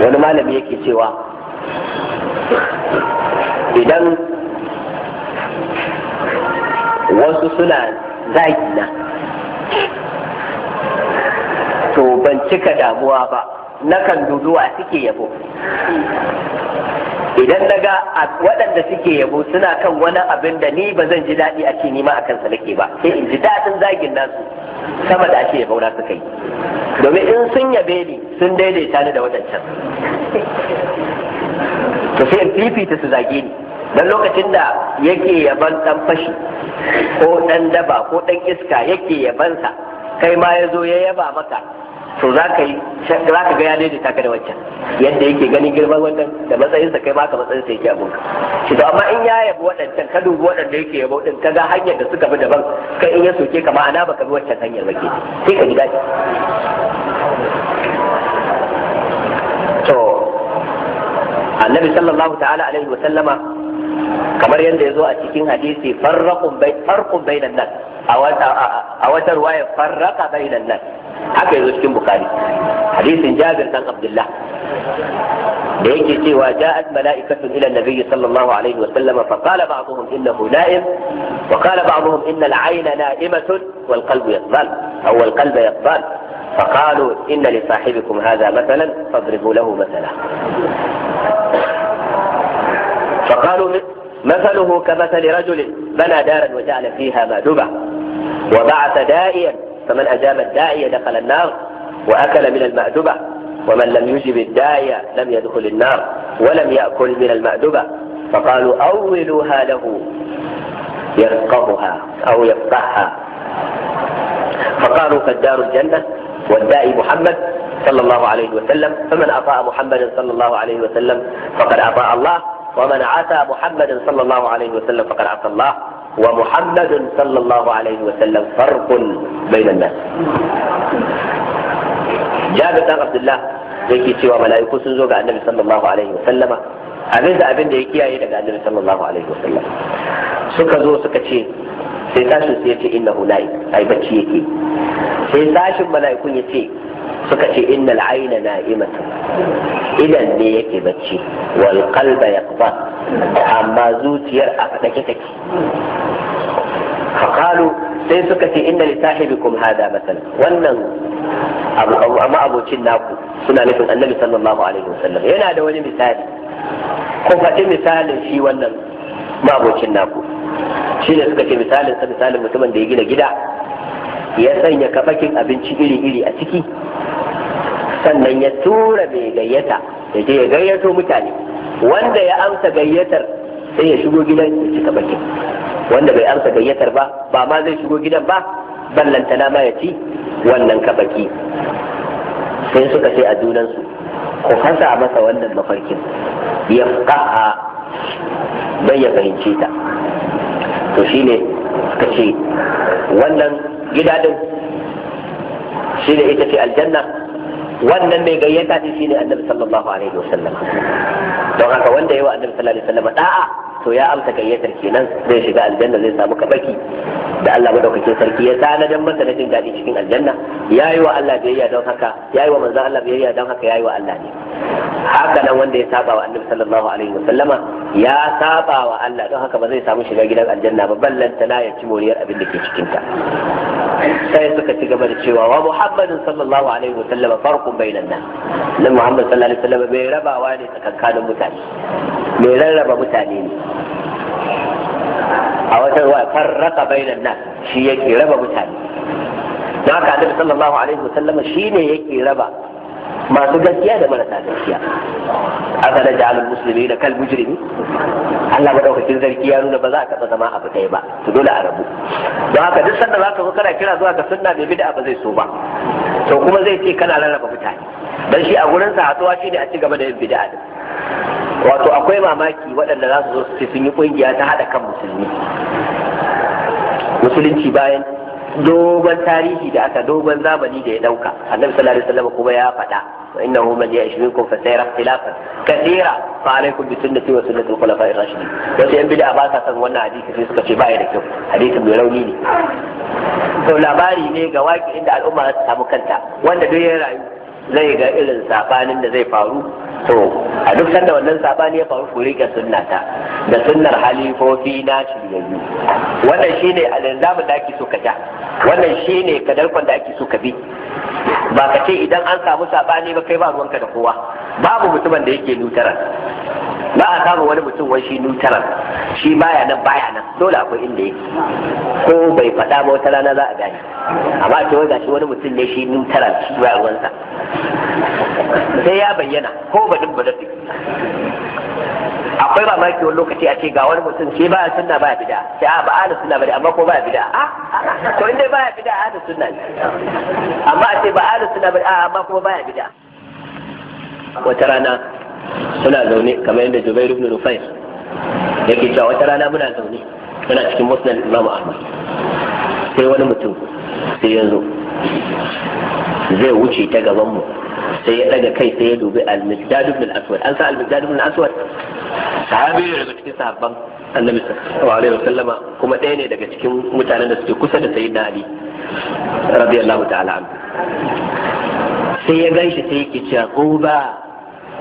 wani malami yake cewa idan wasu suna zagina to ban cika damuwa ba nakan duduwa suke yabo idan na ga waɗanda suke yabo suna kan wani abin da ni ba zan ji daɗi a ce ni ma a kansa nake ba sai in ji daɗin zagin nasu sama da ake yabo na suka yi domin in sun yabe ni sun daidaita ni da waɗancan to sai in fifita su zage ni dan lokacin da yake yaban dan fashi ko dan daba ko dan iska yake sa kai ma ya zo ya yaba maka to za ka yi za ka ga ya daidaita taka da waccan yadda yake ganin girman wannan da matsayinsa kai ma ka sa yake abun shi to amma in ya yabi waɗancan ka dubi waɗanda yake yabo din ka ga hanyar da suka bi daban kai in ya soke ka ma'ana baka bi waccan hanyar ba ke sai ka ji daɗi النبي صلى الله تعالى عليه وسلم كما يندزو أتكين حديثي فرق بين فرق بين الناس أو أو رواية فرق بين الناس حكى يزوجكم بخاري حديث جابر عن عبد الله بيجي وجاءت ملائكة إلى النبي صلى الله عليه وسلم فقال بعضهم إنه نائم وقال بعضهم إن العين نائمة والقلب يقبل أو القلب يقبل فقالوا إن لصاحبكم هذا مثلا فاضربوا له مثلا مثله كمثل رجل بنى دارا وجعل فيها مأدبة وبعث داعيا فمن أجاب الداعي دخل النار وأكل من المأدبة ومن لم يجب الداعي لم يدخل النار ولم يأكل من المأدبة فقالوا أولوها له يفقهها أو يفقهها فقالوا فالدار الجنة والداعي محمد صلى الله عليه وسلم فمن أطاع محمدا صلى الله عليه وسلم فقد أطاع الله ومن عصى محمدا صلى الله عليه وسلم فقد عصى الله ومحمد صلى الله عليه وسلم فرق بين الناس جابر بن عبد الله yake cewa mala'iku sun zo ga annabi sallallahu alaihi wasallama abin da abin da ya kiyaye daga annabi sallallahu alaihi wasallam suka zo suka ce sai tashin sai ya ce innahu la'i ai bacci yake sai tashin mala'ikun ya ce suka ce innal aina na'imatu idan ne yake bacci wal qalba yaqba amma zuciyar a fadake take faqalu sai suka ce inna li sahibikum hada masal wannan abu amma abocin naku suna nufin annabi sallallahu alaihi wasallam yana da wani misali ko faɗi misalin shi wannan mabocin naku shi ne suka ce misalin sa misalin mutumin da ya gina gida ya sanya kabakin abinci iri-iri a ciki sannan ya tura mai gayyata ya je ya gayyato mutane wanda ya amsa gayyatar sai ya shigo gidan ya ci kabakin wanda bai amsa gayyatar ba ba ma zai shigo gidan ba ballantana ma ya ci wannan kabaki sai suka ce a junansu ku fasa masa wannan mafarkin ya fa'a bai ya fahimce ta to shine suka ce wannan gidadin shi ne ita ce aljanna wannan mai gayyata ce shi ne annabi sallallahu alaihi sallam don haka wanda yawa annabi sallallahu alaihi sallam da'a to ya amsa gayyatar kenan zai shiga aljanna zai samu kabaki da Allah madaukakin sarki ya tanadan masa na jin daɗi cikin aljanna ya yi wa Allah biyayya don haka ya yi wa manzon Allah biyayya don haka ya yi wa Allah ne haka nan wanda ya saba wa annabi sallallahu alaihi sallama ya saba wa Allah don haka ba zai samu shiga gidan aljanna ba ballanta la ya ci moriyar abin da ke cikin ta sai suka ci gaba da cewa wa muhammadin sallallahu alaihi wa sallama farqun bainan nas nan muhammad sallallahu alaihi wa sallama bai rabawa ne tsakankanin mutane bai rarraba mutane ne a wata ruwa farraka bainan nas shi yake raba mutane don haka annabi sallallahu alaihi wa sallama shine yake raba masu gaskiya da marasa gaskiya aka da ja'alul musulmi da kal mujrimi Allah madaukakin sarki ya nuna ba za a taɓa zama abu ɗaya ba to dole a rabu don haka duk sanda ka zo kana kira zuwa ga sunna mai bid'a ba zai so ba to kuma zai ce kana rarraba mutane dan shi a gurin sa shi ne a ci gaba da yin bid'a din wato akwai mamaki waɗanda za su zo su ce sun yi kungiya ta haɗa kan musulmi musulunci bayan dogon tarihi da aka dogon zamani da ya dauka annabi sallallahu alaihi wasallam kuma ya faɗa wa innahu man ya'ish minkum fa sayara ikhtilafan kathira fa alaikum bi wasu yan bid'a ba sa wannan hadisi sai suka ce ba ya da kyau hadisi mai rauni ne labari ne ga waki inda al'umma za ta samu kanta wanda duk ya rayu zai ga irin sabanin da zai faru to a duk sanda wannan sabani ya faru ku ga sunna ta da sunnar halifofi na shiryayyu wannan shine alzamin da ake so ka ja wannan shine kadarkon da ake so ka bi ba ka ce idan an samu sabani ba kai ba ruwanka da kowa babu mutumin da yake nutara ba a samun wani mutum wani shi neutral shi baya nan baya nan dole akwai inda yake ko bai faɗa ba wata rana za a gani amma ta wai gashi wani mutum ne shi neutral shi ba ruwansa sai ya bayyana ko baɗin ba daɗi akwai mamaki wani lokaci a ce ga wani mutum ce baya sunna baya bida sai a ba ana sunna bane amma ko baya bida a ah, to inda baya bida ana sunna amma a ce ba ana sunna bane a ah, amma kuma baya bida wata rana suna zaune kamar yadda Jubair ibn Nufair yake cewa wata rana muna zaune muna cikin musnad Imam Ahmad sai wani mutum sai ya zo zai wuce ta gaban mu sai ya daga kai sai ya dubi al-miqdad ibn aswad an sa al-miqdad ibn aswad sahabi ne daga cikin sahabban annabi sallallahu alaihi wasallam kuma ɗaya ne daga cikin mutanen da suke kusa da sayyidina ali radiyallahu ta'ala anhu sai ya ganshi sai yake cewa ba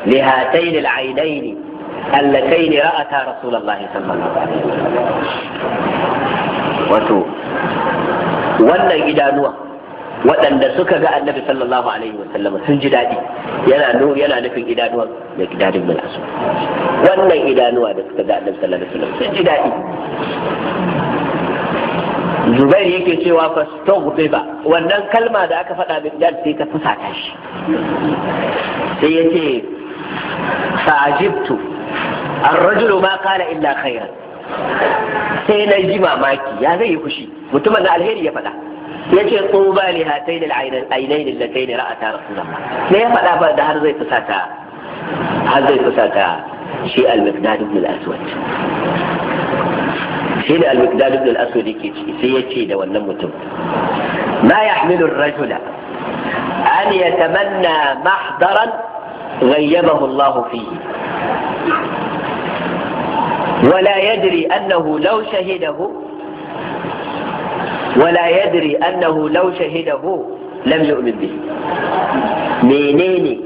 لهاتين العينين اللتين رأتا رسول الله صلى الله عليه وسلم wato wannan idanuwa waɗanda suka ga annabi sallallahu alaihi wa sallama sun ji daɗi yana yana nufin idanuwa da gidanin mulasu wannan idanuwa da suka ga annabi sallallahu alaihi wa sallam sun ji daɗi Zubair yake cewa fa staghfi ba wannan kalma da aka faɗa min dan sai ta fusata shi sai yace fa'ajibtu ar-rajulu ma qala illa khairan sai na ji mamaki ya zai yi fushi mutumin da alheri ya faɗa ya ce tsoba ne hatai da ainai da latai ne ra'ata rasulallah me ya faɗa ba da har zai fusata har zai fusata shi al-miqdad ibn al-aswad shi da al-miqdad ibn al-aswad yake ciki sai ya ce da wannan mutum na yahmilu ar-rajula an ya yatamanna mahdaran غيبه الله فيه ولا يدري أنه لو شهده ولا يدري أنه لو شهده لم يؤمن به menene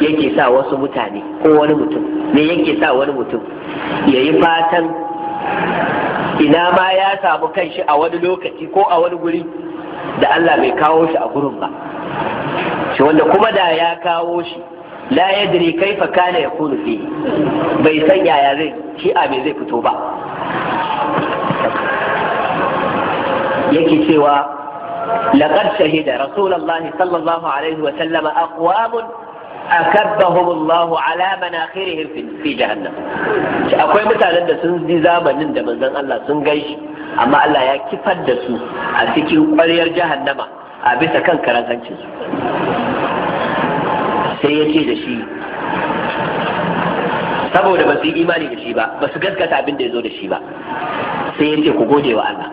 yake sa wasu mutane ko wani mutum me yake sa wani mutum ya yi fatan ina ma ya samu kanshi a wani lokaci ko a wani guri da Allah bai kawo shi a gurin ba shi wanda kuma da ya kawo shi la yadri kaifa kana yakunu fi bai san yaya zai shi'a bai zai fito ba yake cewa لقد شهد رسول الله صلى الله عليه وسلم أقوام أكبهم الله على مناخرهم في akwai mutanen da sun ji zamanin da manzon Allah sun gaishi amma Allah ya kifar da su a cikin ƙwaryar jahannama a bisa kan karantancin su sai ya ce da shi saboda ba su yi imani da shi ba ba su gaskata abin da ya zo da shi ba sai ya ce ku gode wa Allah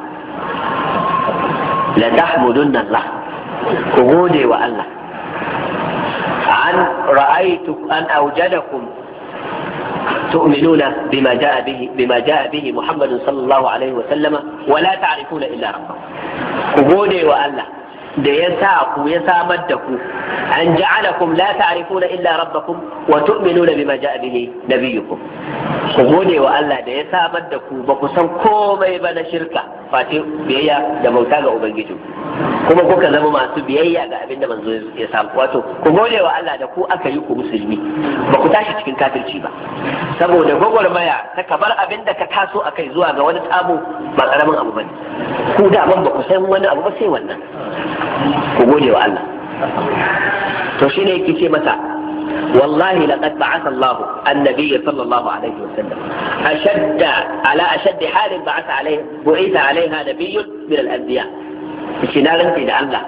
la tahmudunna Allah ku gode wa Allah an ra'aytu an awjadakum تؤمنون بما جاء به بما جاء به محمد صلى wa عليه وسلم ولا تعرفون الا ربكم. وجودي allah. da ya sa ku ya samar da ku an ja'alakum la ta'rifuna illa rabbakum wa tu'minuna bima ja'a bihi nabiyukum ku gode wa Allah da ya samar da ku ba ku san komai ba na shirka face biyayya da bauta ga ubangiji kuma kuka zama masu biyayya ga abin da manzo ya samu wato ku gode wa Allah da ku aka yi ku musulmi ba ku tashi cikin kafirci ba saboda gwagwarmaya ta kabar abinda ka taso a kai zuwa ga wani tsabo ba karamin abu bane ku da ban ba ku san wani abu ba sai wannan ku gode wa Allah to shine yake ce masa wallahi laqad ba'atha Allah an-nabiy sallallahu da wasallam ashadda ala ashaddi halin ba'atha alaihi bu'itha alaiha nabiyyun min al-anbiya shi da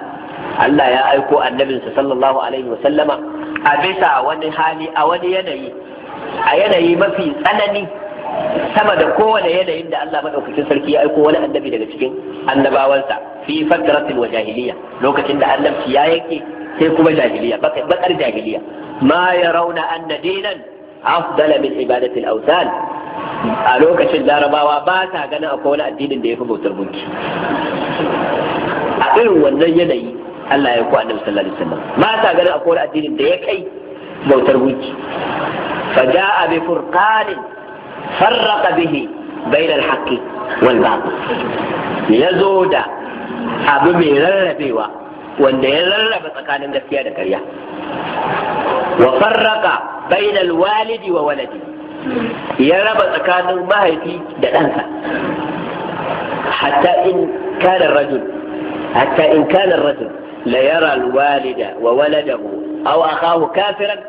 Allah ya aiko annabinsa sallallahu alaihi wasallama a bisa wani a wani yanayi mafi tsanani sama da kowane yanayin da Allah madaukakin sarki ya aiko wani annabi daga cikin annabawansa fi wa wajahiliya lokacin da annabci ya yake sai kuma jahiliya bakar jahiliya ma rauna anna dinan afdala min ibadati al-awthan a lokacin larabawa ba ta ganin akwai wani addinin da ya fi bautar gunki a irin wannan yanayi Allah ya ku annabi sallallahu alaihi wasallam ba ta ganin akwai wani addinin da ya kai bautar gunki fa ja'a bi furqanin farraqa bihi bainal haqqi wal batil yazo da abu mai rarrabewa wanda ya rarraba tsakanin gaskiya da karya wa farraka bainal walidi wa waladi ya raba tsakanin mahaifi da ɗansa hatta in kana rajul hatta in kana rajul la yara alwalida wa waladahu aw akahu kafiran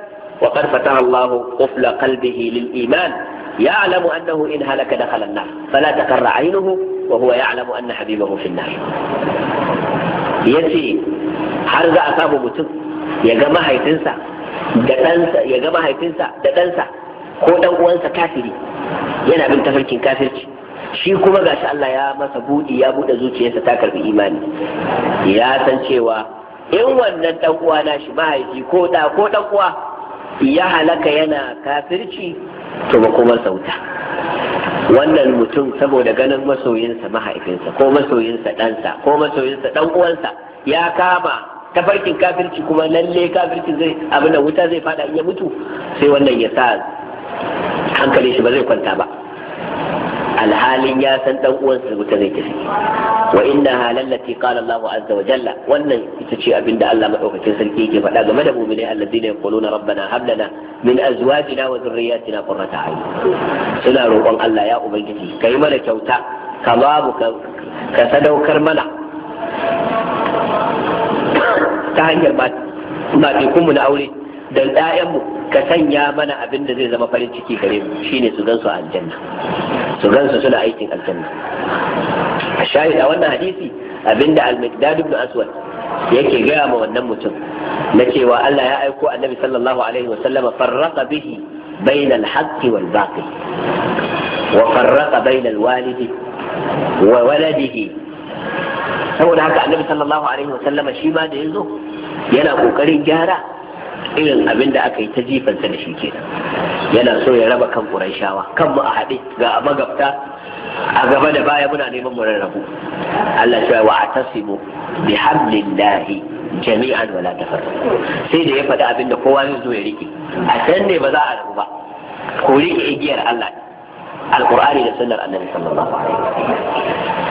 wa qad fataha Allah qufla qalbihi lil iman يعلم أنه إن هلك دخل النار فلا تقر عينه وهو يعلم أن حبيبه في النار ya ce har za a samu mutum ya ga mahaifinsa da ɗansa ya ga mahaifinsa da ɗansa ko ɗan uwansa kafiri yana bin tafarkin kafirci shi kuma gashi Allah ya masa buɗi ya buɗe zuciyarsa ta karbi imani ya san cewa in wannan ɗan uwa na shi mahaifi ko ɗa ko ɗan uwa ya halaka yana kafirci to makomar sauta wannan mutum saboda ganin masoyinsa mahaifinsa ko masoyinsa ɗansa ko masoyinsa ɗan uwansa ya kama tafarkin kafirci kuma lalle kafirci zai abin da wuta zai fada in ya mutu sai wannan ya sa hankalin shi ba zai kwanta ba alhalin ya san dan uwansa wuta zai tafi wa inna halallati qala Allah azza wa jalla wannan ita ce abinda Allah madaukakin sarki yake faɗa game da mu'minai alladheena yaquluna rabbana hab lana min azwajina wa dhurriyyatina qurrata a'yun suna roƙon Allah ya ubangiji kai mana kyauta ka babu ka sadaukar mana ta hanyar ba na aure dan ƴaƴanmu ka sanya mana abin da zai zama farin ciki gare mu shine su gansu a aljanna su gansu suna aikin aljanna a shahid a wannan hadisi abinda al-miqdad ibn aswad yake gaya ma wannan mutum na cewa Allah ya aiko annabi sallallahu alaihi wa sallama farraqa bihi bain al-haqq wal batil wa farraqa bain al-walid wa waladihi saboda haka annabi sallallahu alaihi wa sallama shi ma da yazo yana kokarin gyara irin abin da aka yi ta jifansa da shi ke yana so ya raba kan ƙurayshawa kan mu a haɗe ga magabta a gaba da baya muna neman mu rarrabu Allah ya wa atasimu bi hablillahi jami'an wala tafarraqu sai da ya faɗi abin da kowa zai zo ya rike a can ne ba za a rabu ba ko rike igiyar Allah ne. alkurani da sunnar annabi sallallahu alaihi wasallam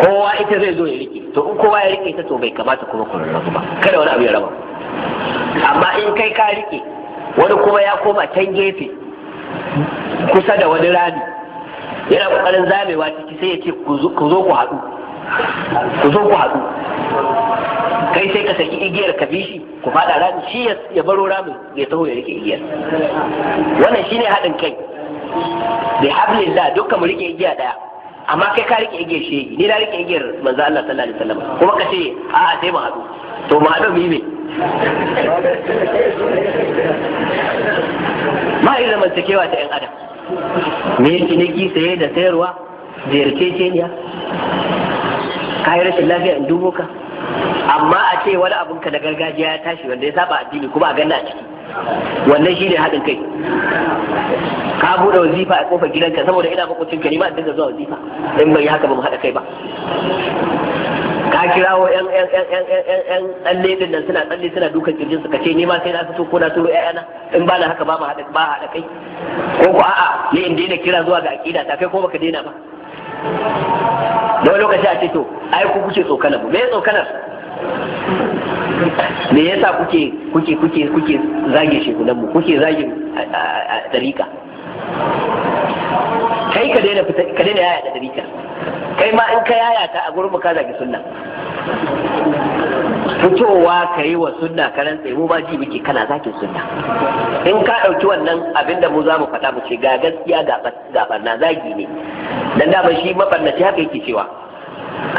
kowa ita zai zo ya rike to in kowa ya rike ta to bai kamata kuma ku rabu ba kada wani abu ya raba amma in kai ka rike wani kuma ya koma can gefe kusa da wani rami yana kokarin zamewa ciki sai ya ce ku zo ku haɗu ku zo ku haɗu kai sai ka saki igiyar ka bi shi ku faɗa rami shi ya baro ramin ya taho ya rike igiyar wannan shine haɗin kai bi hablillah dukkan mu rike igiya daya amma kai ka rike igiyar shi ni na rike igiyar manzo Allah sallallahu alaihi wasallam kuma ka ce a a sai mu haɗu to mu haɗu mu yi me ma yi zamantakewa ta yan adam me ciniki saye da sayarwa Ka yi rashin lafiya in dubo ka amma a ce wani abun ka na gargajiya ya tashi wanda ya saba addini kuma a ganna a ciki wannan shine haɗin kai ka buɗe wazifa a kofar gidanka saboda ina makocin ka nima dinga zuwa wazifa in bai haka ba mu haɗa kai ba ka kirawo yan yan yan yan yan yan tsalle din nan suna tsalle suna dukan kirjin su ce ni ma sai na fito ko na turo ƴaƴana in ba na haka ba mu haɗa ba haɗa kai ko ko a'a ni in daina kira zuwa ga aqida ta kai ko baka daina ba da wani lokaci a ce to ai ku kuke tsokanar mu me ya tsokanar me yasa kuke kuke kuke kuke zage shegunan mu kuke zage a dariƙa kai ka daina fita ka daina yaya da dariƙa kai ma in ka yaya ta a gurin ka zage sunna fitowa ka yi wa sunna karan tsaye mu ba ji muke kana zakin sunna in ka ɗauki wannan abin da mu za mu faɗa mu ce ga gaskiya ga na zagi ne dan da shi mabarnaci haka yake cewa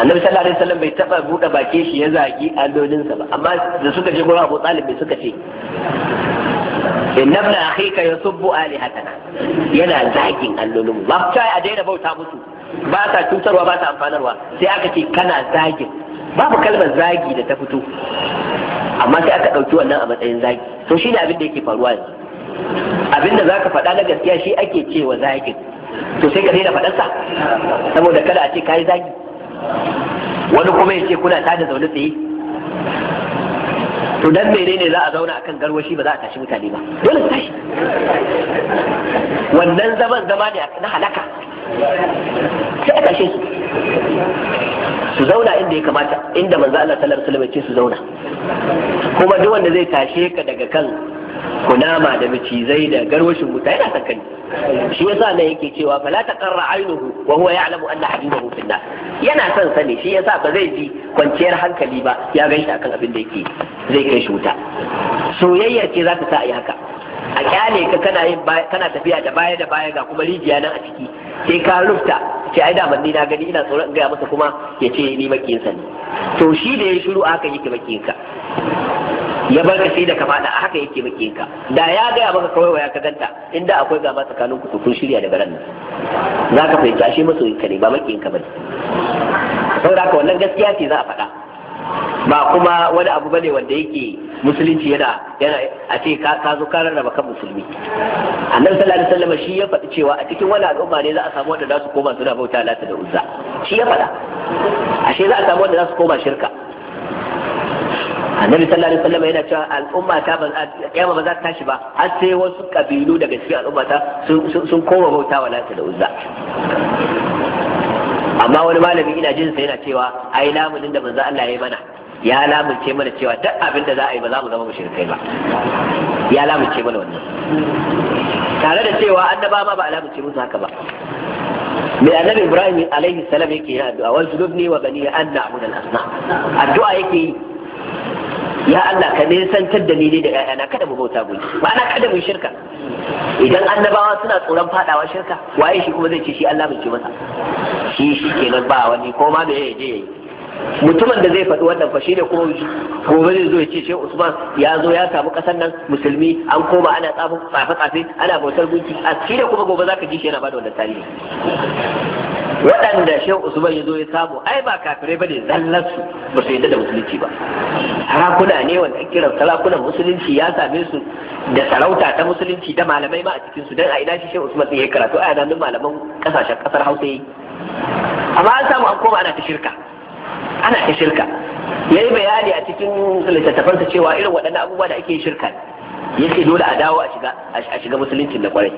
annabi sallallahu alaihi wasallam bai taba buɗe bakin shi ya zagi sa ba amma da suka je gurin Abu talibi bai suka ce inna akhika yusubbu alihatana yana zagin allolin ba ta a daina bauta musu ba ta cutarwa ba ta amfanarwa sai aka ce kana zagin babu kalmar zagi da ta fito amma sai aka ɗauki wannan a matsayin zagi to shine abin da yake faruwa yanzu abin da zaka faɗa na gaskiya shi ake cewa zagi, to sai ka daina faɗansa. saboda kada a ce kayi zagi wani kuma ya ce kuna tada zaune tsaye to dan ne za a zauna akan garwashi ba za a tashi mutane ba dole tashi wannan zaman zama ne na halaka sai a tashe su su zauna inda ya kamata inda manzo Allah sallallahu alaihi wasallam ce su zauna kuma duk wanda zai tashe ka daga kan kunama da macizai da garwashin wuta yana sakani shi yasa nan yake cewa fala taqarra aynuhu wa huwa ya'lamu anna habibahu fi yana son sani shi yasa ba zai ji kwanciyar hankali ba ya gaishe akan abin da yake zai kai shi wuta soyayya ce za ta sa a yi haka a kyale ka kana yin kana tafiya da baya da baya ga kuma rijiya nan a ciki sai ka rufta ce ai daman ni na gani ina tsoron gaya masa kuma ya ce ni makin sa ne to shi da ya shiru yi ki makin ka ya bar ka sai da ka fada haka yake makin ka da ya gaya maka kawai waya ka ganta inda akwai gaba tsakanin ku kun shirya da garan nan zaka fahimci ashe masoyin ka ne ba makin ka bane saboda haka wannan gaskiya ce za a faɗa ba kuma wani abu bane wanda yake musulunci yana yana a ce ka zo ka rarraba kan musulmi annabi sallallahu alaihi wasallam shi ya faɗi cewa a cikin wani al'umma ne za a samu wanda za su koma suna bauta lata da uzza shi ya faɗa ashe za a samu wanda za su koma shirka annabi sallallahu alaihi wasallam yana cewa al'umma ta ba kiyama ba za ta tashi ba har sai wasu kabilu daga cikin al'umma ta sun koma bauta wa lata da uzza amma wani malami ina jin sa yana cewa ai lamunin da manzo Allah ya mana ya lamunce mana cewa duk abin da za a yi ba za mu zama mushrikai ba ya lamunce mana wannan tare da cewa annaba ma ba a lamunce musu haka ba mai annabi ibrahim alaihi salam yake yin addu'a wa zulubni wa bani an na'bud al asna addu'a yake ya Allah ka nesantar da ni da da ƴaƴana kada mu bauta ba na kada mu shirka idan annabawa suna tsoron fadawa shirka waye shi kuma zai ce shi Allah bai ce masa shi shi kenan ba wani ko ma me yaje yayi mutumin da zai faɗi wannan fa shine kuma gobe zai zo ya ce shi usman ya zo ya samu ƙasar nan musulmi an koma ana tsafa tsafe ana bautar gunki a shine kuma gobe zaka ji shi yana bada wannan tarihi waɗanda shehu usman ya zo ya samu ai ba kafirai ba ne zallarsu ba su yadda da musulunci ba sarakuna ne wanda ake kiran sarakunan musulunci ya same su da sarauta ta musulunci da malamai ma a cikin su dan a ina shi shehu usman ya karatu a yanar malaman kasashen kasar hausa yi amma an samu an koma ana ta shirka ana ta shirka yayi bayani a cikin littattafansa cewa irin waɗannan abubuwa da ake shirka ne yace dole a dawo a shiga a shiga musuluncin da kwarai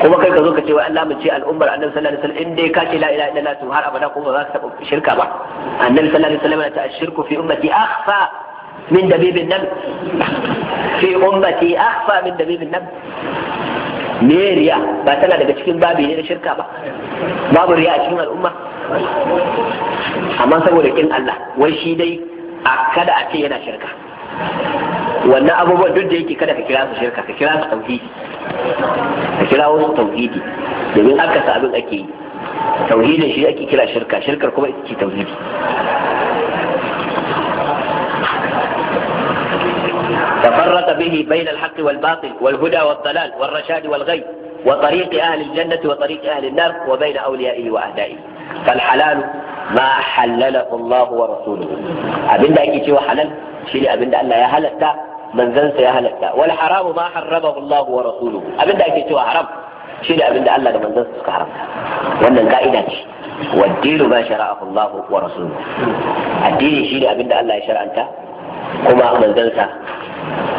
kuma kai ka zo ka ce wa Allah mun ce al'ummar annabi sallallahu alaihi wasallam in dai ka ce la ilaha illallah to har abada kuma za ka taba shirka ba annabi sallallahu alaihi wasallam ya ta ashirku fi ummati akhfa min dabibin nam fi ummati akhfa min dabibin nam me riya ba tana daga cikin babi ne na shirka ba babu riya a cikin al'umma amma saboda kin Allah wai shi dai a kada a ce yana shirka wannan abubuwan duk da yake kada ka kira su shirka ka kira su tauhidi ka kira wasu tauhidi domin aka sa abin ake yi tauhidin shi ake kira shirka shirkar kuma ita ce tauhidi تفرق به بين الحق والباطل والهدى والضلال والرشاد والغي وطريق أهل الجنة وطريق أهل النار وبين أوليائه وأعدائه فالحلال ما حلله الله ورسوله أبن دا أكي حلال شيني أبن دا الله يا هلتا manzansa ya halatta wal haramu ma harramahu Allah wa rasuluhu abinda ake cewa haram shi ne abinda Allah da manzansa suka haramta wannan ka'ida ce waddinu ma shara'ahu Allah wa rasuluhu addini shi ne abinda Allah ya shar'anta kuma manzansa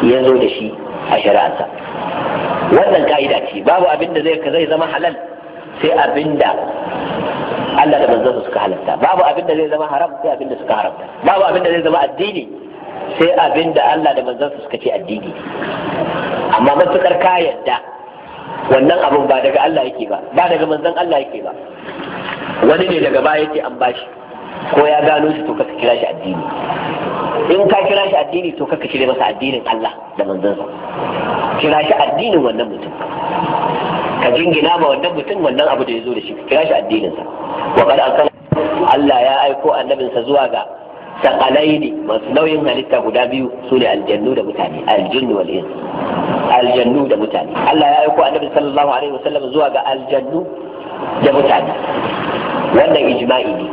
ya zo da shi a shari'arsa wannan ka'ida ce babu abinda zai zama halal sai abinda Allah da manzansa suka halatta babu abinda zai zama haram sai abinda suka haramta babu abinda zai zama addini sai abin da Allah da manzansa suka ce addini amma matukar ka yadda wannan abin ba daga Allah yake ba ba daga manzan Allah yake ba wani ne daga baya yake an bashi ko ya gano shi to ka kira shi addini in ka kira shi addini to kaka kira masa addinin Allah da manzansa kira shi addinin wannan mutum ka jingina ma wannan mutum wannan abu da ya zo da shi ka kira shi addininsa wa qad Allah ya aiko annabinsa zuwa ga nauyin halitta guda biyu su ne aljannu da mutane aljannu wal insu aljannu da mutane Allah ya aiko annabi sallallahu alaihi wasallam zuwa ga aljannu da mutane wannan ijma'i ne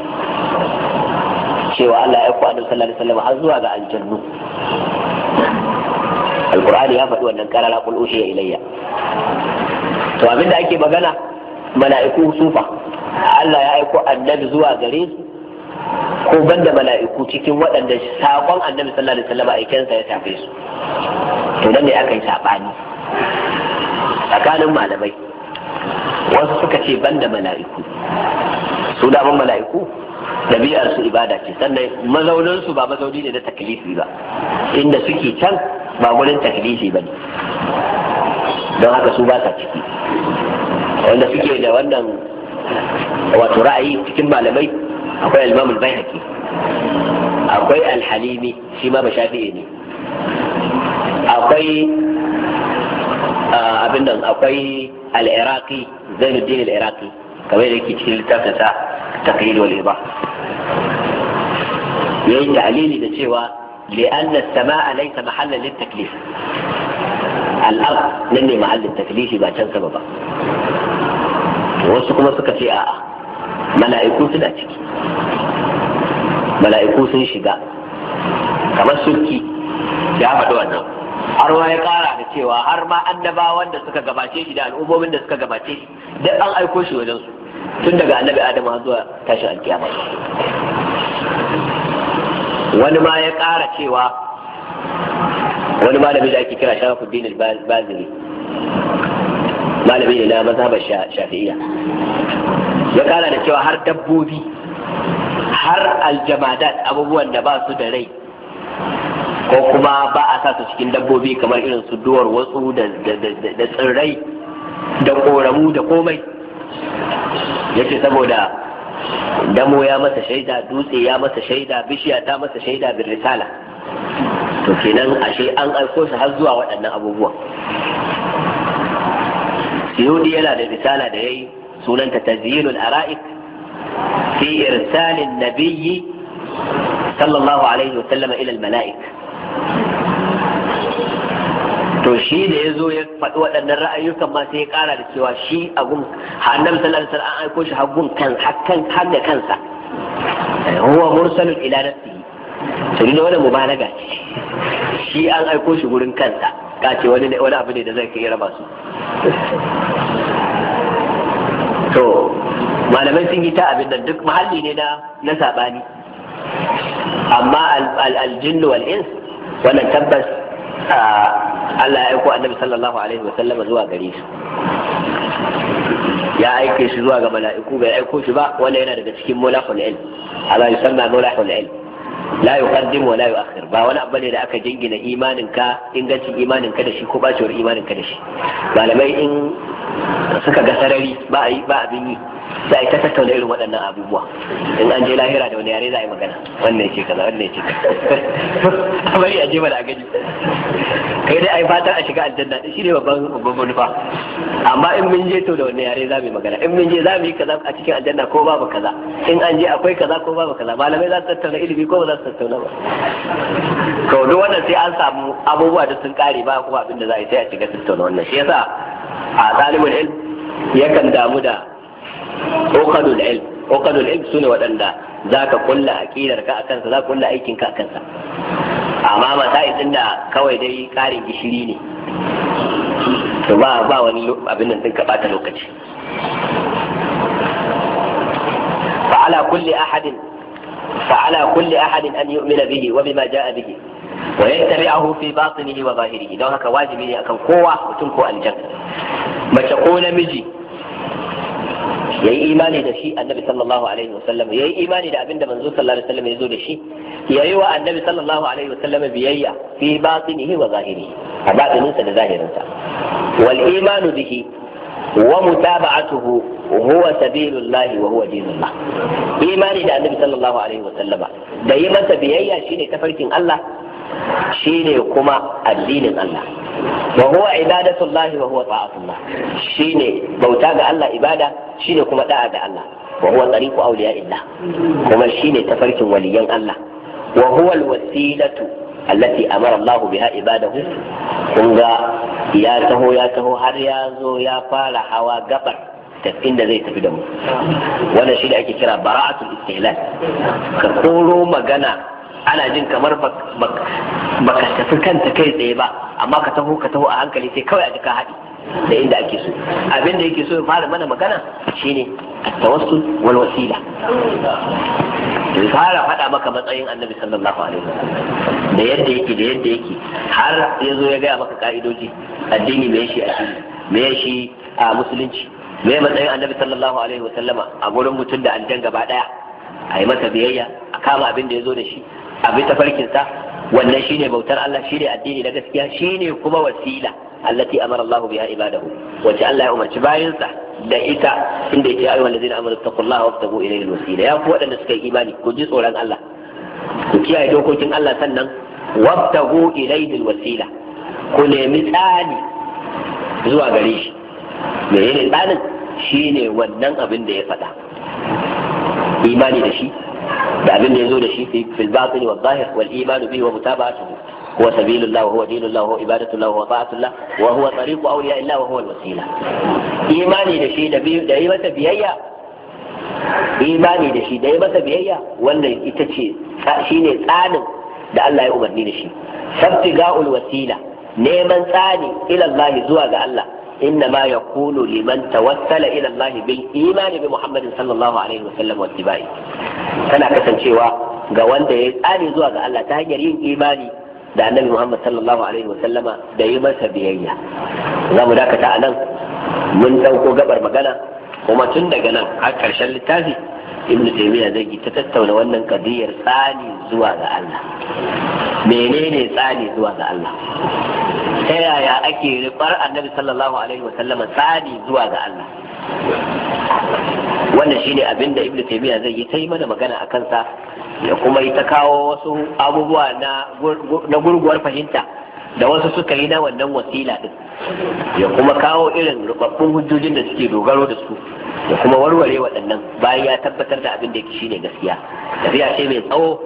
cewa Allah ya aiko annabi sallallahu alaihi wasallam zuwa ga aljannu alqur'ani ya faɗi wannan karara qul uhiya ilayya to abinda ake magana mala'iku sufa Allah ya aiko annabi zuwa gare su ko ban da mala'iku cikin waɗanda saƙon annabi sallallahu alaihi wasallam aikensa ya tafi su to dan ne aka yi sabani tsakanin malamai wasu suka ce ban da mala'iku su ban mala'iku ɗabi'ar su ibada ce sannan mazaunin su ba mazauni ne na taklifi ba inda suke can ba wurin taklifi ba ne don haka su ba sa ciki wanda suke da wannan wato ra'ayi cikin malamai akwai al-imam al-baihaqi akwai al-halimi shi ma bashafi'i ne akwai abin nan akwai al-iraqi zainuddin al-iraqi kamar da yake cikin littafin sa taqrib wal ibah yayi ta'lili da cewa لأن السماء ليس محلا للتكليف الأرض لن محل التكليف ما كان سببا wasu kuma suka ce a'a mala'iku suna ciki mala'iku sun shiga kamar sulki ya faɗi wannan har ma ya ƙara da cewa har ma annabawan da suka gabace shi da al'ummomin da suka gabace shi duk an aiko shi wajen su tun daga annabi Adamu zuwa tashin alkiyama wani ma ya ƙara cewa wani malami da ake kira shafuddin al-bazili malami ne na mazhabar shafi'iyya ya kara da cewa har dabbobi har aljamadat abubuwan da ba su da rai ko kuma ba a sa su cikin dabbobi kamar irin su duwar wasu da tsirrai da koramu da komai ya ce saboda damo ya masa shaida dutse ya masa shaida bishiya ta masa shaida bin risala to kenan ashe an aiko shi har zuwa waɗannan abubuwan siyudi yana da risala da ya yi sunanta tazyilul ara'ik fi irsalin nabiyyi sallallahu alaihi wasallama ila mala'ik to shi da ya zo ya faɗi waɗannan ra'ayyukan ma sai ya ƙara da cewa shi a gun annabi sallallahu alaihi wasallam an aiko shi har gun kan hakkan har da kansa huwa mursalun ila nafsihi to ni wannan mubalaga ce shi an aiko shi gurin kansa ka ce wani wani abu ne da zai kai raba su to malamai sun yi ta abin nan duk mahalli ne na saɓani amma aljinnu wal ins wannan tabbas Allah ya aiko annabi sallallahu alaihi wa sallama zuwa gare su ya aike shi zuwa ga mala'iku bai aiko shi ba wanda yana daga cikin mulahul ilm ala yusamma mulahul ilm la yuqaddim wa la yu'akhir ba wani abu ne da aka jingina imanin ka ingancin imanin ka da shi ko bacewar imanin ka da shi malamai in suka ga sarari ba ba abin yi Za a yi ta tattauna irin waɗannan abubuwa in an je lahira da wani yare za a yi magana wannan ce kaza wannan ce kaza yi a jima da a gani kai dai a yi fatan a shiga aljanna shi ne babban babban manufa amma in mun je to da wani yare za mu yi magana in mun je za mu yi kaza a cikin aljanna ko babu kaza in an je akwai kaza ko babu kaza malamai za su tattauna ilimi ko ba za su tattauna ba to duk wannan sai an samu abubuwa da sun kare ba kuma abin da za a yi sai a shiga tattauna wannan shi yasa a ɗalibin ilm yakan damu da عقد العلم عقد العلم سنة ودندا ذاك كل أكيدر كأكنس ذاك كل أيكين كأكنس أما ما تايس إن كوي دي كاري جشريني ba ba wani abin nan ka bata lokaci fa ala kulli ahadin فعلى كل أحد أن يؤمن به وبما جاء به ويتبعه في باطنه وظاهره لو هكا واجب أكن قوة وتنكو الجنة ما تقول مجي yayi imani da shi annabi sallallahu alaihi wasallam yayi imani da abinda manzo sallallahu alaihi wasallam ya zo da shi yayi wa annabi sallallahu alaihi wasallam biyayya fi batinihi wa zahirihi a batininsa da zahirinsa wal imanu bihi wa mutaba'atuhu huwa sabilullah wa huwa dinullah imani da annabi sallallahu alaihi wasallam da yi masa biyayya shine tafarkin Allah Shi ne kuma addinin Allah wa huwa ibadatullah wa huwa ta'atullah ne bauta ga Allah ibada Shi ne kuma da'a ga Allah wa huwa ya awliya'illah kuma shi ne tafarkin waliyan Allah wa huwa alwasilatu allati amara Allah biha ibadahu kun ga ya taho ya taho har ya zo ya fara hawa gabar da zai tafi da mu wannan shi da ake kira bara'atul istihlal ka koro magana ana jin kamar baka tafi kanta kai tsaye ba amma ka taho ka taho a hankali sai kawai a ji ka haɗi da inda ake so abin da yake so ya fara mana magana shine tawassul wal wasila ya fara faɗa maka matsayin annabi sallallahu alaihi wasallam da yadda yake da yadda yake har ya zo ya gaya maka ka'idoji addini me shi addini me shi a musulunci me matsayin annabi sallallahu alaihi wasallama a gurin mutum da aljan gaba daya a yi masa biyayya a kama abin da ya zo da shi abi tafarkinsa wannan ne bautar Allah ne addini na gaskiya shi ne kuma wasila allati amara Allah biha ibadahu wace Allah ya umarci bayansa da ita inda yace ayyuhal ladzina amanu taqullaha wabtagu ilayhi alwasila ya ku wadanda suka yi imani ku ji tsoron Allah ku kiyaye dokokin Allah sannan wabtagu ilayhi alwasila ku nemi tsani zuwa gare shi menene tsanin shine wannan abin da ya faɗa imani da shi da abin da ya zo da shi fi fil batin wa zahir wal iman bihi wa mutaba'atuhu huwa sabilullah wa huwa dinullah wa ibadatullah wa ta'atullah wa huwa tariqu awliya wa huwa al wasila imani da shi da da yi mata biyayya imani da shi da yi mata biyayya wannan ita ce shine tsanin da Allah ya umarni da shi sabtiga'ul wasila neman tsani ila Allah zuwa ga Allah إنما يكون لمن توسل إلى الله بالإيمان بمحمد صلى الله عليه وسلم واتباعه أنا كسن شيوا zuwa ga Allah ta hanyar yin imani da annabi Muhammad sallallahu alaihi wasallama da yi masa biyayya za mu dakata a nan mun ɗauko gabar magana kuma tun daga nan a ƙarshen littafi ibnu taymiya zai ta tattauna wannan kadiyar tsani zuwa ga Allah menene tsani zuwa ga Allah ta yaya ake ribar annabi sallallahu alaihi wa sallama tsani zuwa ga Allah wannan shine abin da ibnu taymiya zai yi ta yi mana magana a kansa ya kuma yi ta kawo wasu abubuwa na gurguwar fahimta da wasu suka yi na wannan wasila din ya kuma kawo irin rubabbun hujjojin da suke dogaro da su ya kuma warware waɗannan bayan ya tabbatar da abin da yake shine gaskiya tafiya ce mai tsawo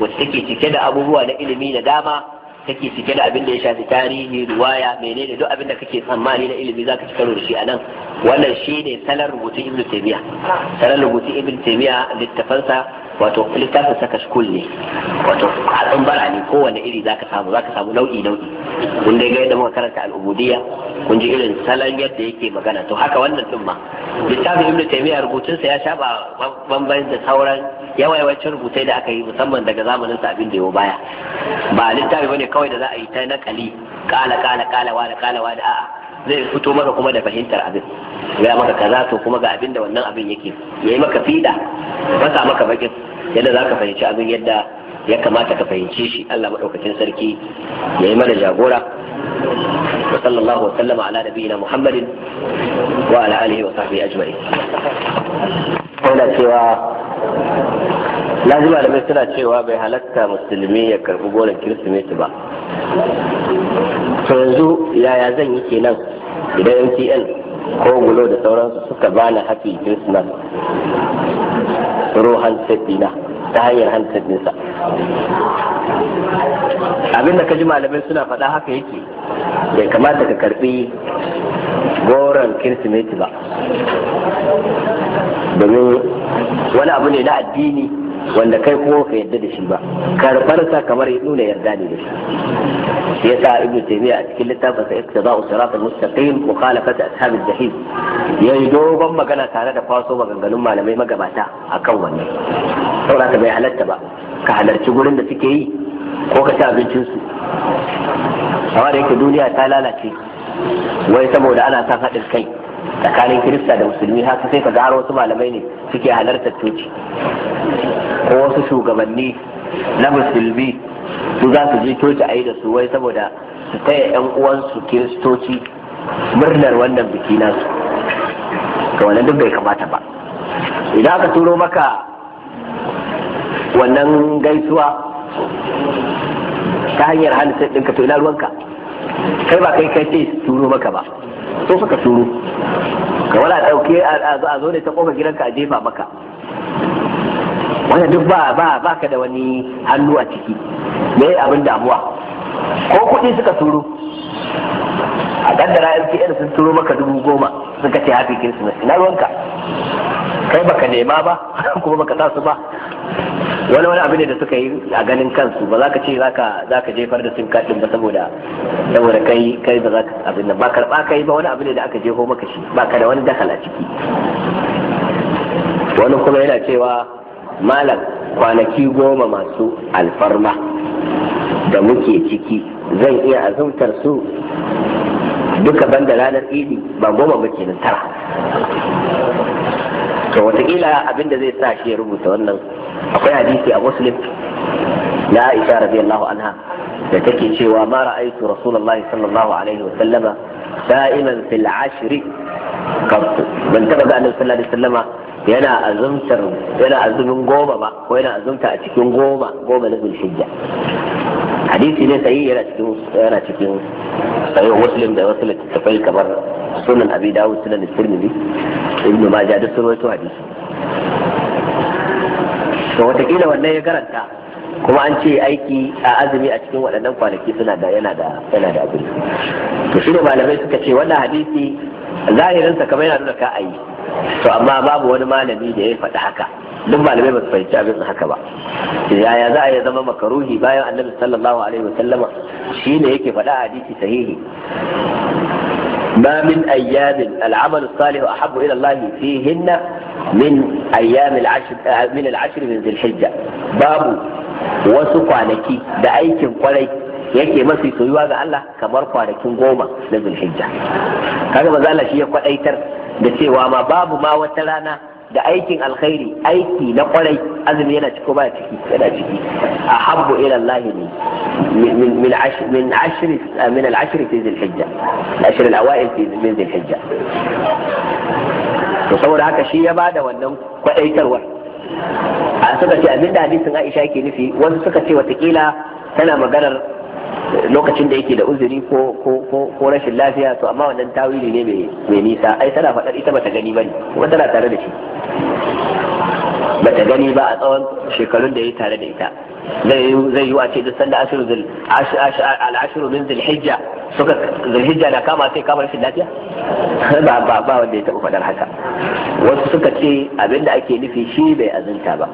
wacce take cike da abubuwa na ilimi na dama take cike da abin da ya shafi tarihi ruwaya menene duk abin da kake tsammani na ilimi zaka ci karo da shi nan? wannan shine salar rubutun ibn taymiya salar rubutun ibn taymiya littafansa wato littafin saka shukul ne wato haɗin bara ne kowane iri zaka samu zaka samu nau'i nau'i kun dai ga yadda muka karanta al'ubudiyya kun ji irin salon yadda yake magana to haka wannan din ma littafin ibnu taymiya rubutun sa ya saba bambayin da sauran yawayawancin rubutai da aka yi musamman daga zamanin sa abin da yau baya ba littafi bane kawai da za a yi ta nakali kala kala kala wa da kala wa da a'a zai fito maka kuma da fahimtar abin ya maka kaza to kuma ga abin da wannan abin yake yayi maka fida masa maka bakin yadda za ka fahimci abin yadda ya kamata ka fahimci shi Allah maɗaukacin sarki ya yi mana jagora wa sallallahu wa sallama ala nabiyina muhammadin wa ala alihi wa sahbihi ajma'in yana cewa lazima da suna cewa bai halatta musulmi ya karɓi gonar kirsimeti ba to yanzu yaya zan yi kenan idan mtn ko gulo da sauransu suka bani hafi Kirsimeti. through handset ta hanyar handset abin abinda ka ji malamai suna faɗa haka yake bai kamata ka karɓi goron kirsimeti ba domin wani abu ne na addini wanda kai kuma ka yarda da shi ba karɓarsa kamar ya nuna yarda ne da shi shi yasa ibnu taymiya a cikin littafin sa iktida'u siratal mustaqim wa khalafat ashabil jahim yayi dogon magana tare da kwaso maganganun malamai magabata akan wannan saboda bai halatta ba ka halarci gurin da suke yi ko ka ci abincin su amma da yake duniya ta lalace wai saboda ana son haɗin kai tsakanin kirista da musulmi haka sai ka gara wasu malamai ne suke halartar coci ko wasu shugabanni na musulmi su za su je coci a yi da su wai saboda su taya 'yan uwansu kiristoci murnar wannan biki nasu ga wannan duk bai kamata ba idan aka turo maka wannan gaisuwa ta hanyar hannu sai ɗinka to ina ruwanka kai ba kai kai ce turo maka ba so suka turo ka wala dauke a zo ne ta gidan ka a jefa maka wanda duk ba ba ba ka da wani hannu a ciki me abin damuwa ko kuɗi suka turo a kaddara MTN sun turo maka dubu goma suka ce happy Christmas ina ruwanka kai baka nema ba kuma baka sa ba wani wani abu ne da suka yi a ganin kansu ba za ka ce za ka jefar da sun kaɗin ba saboda saboda kai kai ba za ka abin nan ba karba kai ba wani abu ne da aka jeho maka shi ba ka da wani dakala ciki wani kuma yana cewa malam kwanaki goma masu alfarma da muke ciki zan iya azumtar su duka banda ranar idi ba goma ba kenan tara to wataƙila abinda zai sa shi ya rubuta wannan akwai hadisi a muslim na aisha radiyallahu anha da take cewa ma ra'aytu rasulullahi sallallahu alaihi wa sallama sa'iman fil ashri qattu ban taba ga annabi sallallahu alaihi sallama yana azumtar yana azumin goma ba ko yana azumta a cikin goma goma na zulhijja hadisi ne sai yana cikin yana cikin sahih muslim da wasu littattafai kamar sunan abi dawud sunan tirmidhi ibnu majah duk sun rawaito hadisi da wataƙila wannan ya garanta kuma an ce aiki a azumi a cikin waɗannan kwanaki suna da yana da yana da abin to shi ne malamai suka ce wannan hadisi zahirinsa kamar yana nuna ka a yi to amma babu wani malami da ya faɗi haka duk malamai ba su fahimci abin haka ba yaya za a ya zama makaruhi bayan annabi sallallahu alaihi wa sallama shine yake faɗa a hadisi sahihi ما من أيام العمل الصالح أحب إلى الله فيهن min ayyamil ashr eh, min al-ashr min dhil-hijja babu wasu kwanaki da aikin kwarai yake mafi soyuwa ga Allah kamar kwanakin goma na zulhijja kaga maza Allah shi ya kwadaitar da cewa ma babu ma wata rana da aikin alkhairi aiki na kwarai azumi yana ciko ba ciki yana ciki a habbu ila Allah ne min ashri min ashri min al-ashri fi dhil-hijja al-ashri al-awail fi dhil-hijja to saboda haka shi ya bada wannan kwaɗaitarwar a suka ce da hadisin Aisha yake nufi wasu suka ce watakila tana maganar lokacin da yake da uzuri ko ko ko rashin lafiya to amma wannan tawili ne mai nisa ai tana faɗar ita bata gani bane kuma tana tare da shi bata gani ba a tsawon shekarun da ya tare da ita zai yi a ce sanda al'ashiru min hijja suka hijja na kama sai kama rashin lafiya ba ba ba wanda ya taɓa faɗar haka wasu suka ce abinda ake nufi shi bai azinta ba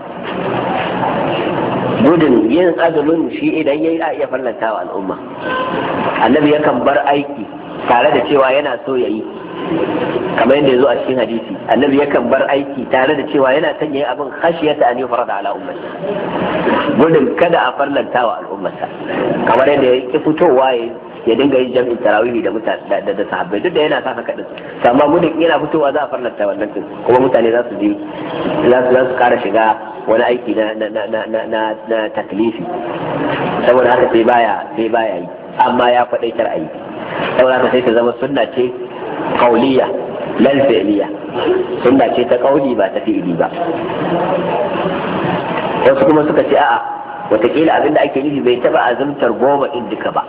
gudun yin azumin shi idan yayi a iya fallanta wa al'umma annabi yakan bar aiki tare da cewa yana so ya yi kamar yadda yazo a cikin hadisi annabi yakan bar aiki tare da cewa yana son yayi abin khashiyata an da ala ummati gudun kada a farlanta wa al'ummata kamar yadda ya ki fitowa ya dinga yin jami'in tarawihi da mutane da sahabbai duk da yana sa haka din amma gudun yana fitowa za a farlanta wannan din kuma mutane za su je za su kara shiga wani aiki na na na na na taklifi saboda haka sai baya sai baya yi amma ya faɗaitar aiki saboda haka sai ta zama sunna ce kauliya lal fi'liya sunna ce ta kauli ba ta fi'li ba wasu kuma suka ce a'a watakila abinda ake nufi bai taba azumtar goma din duka ba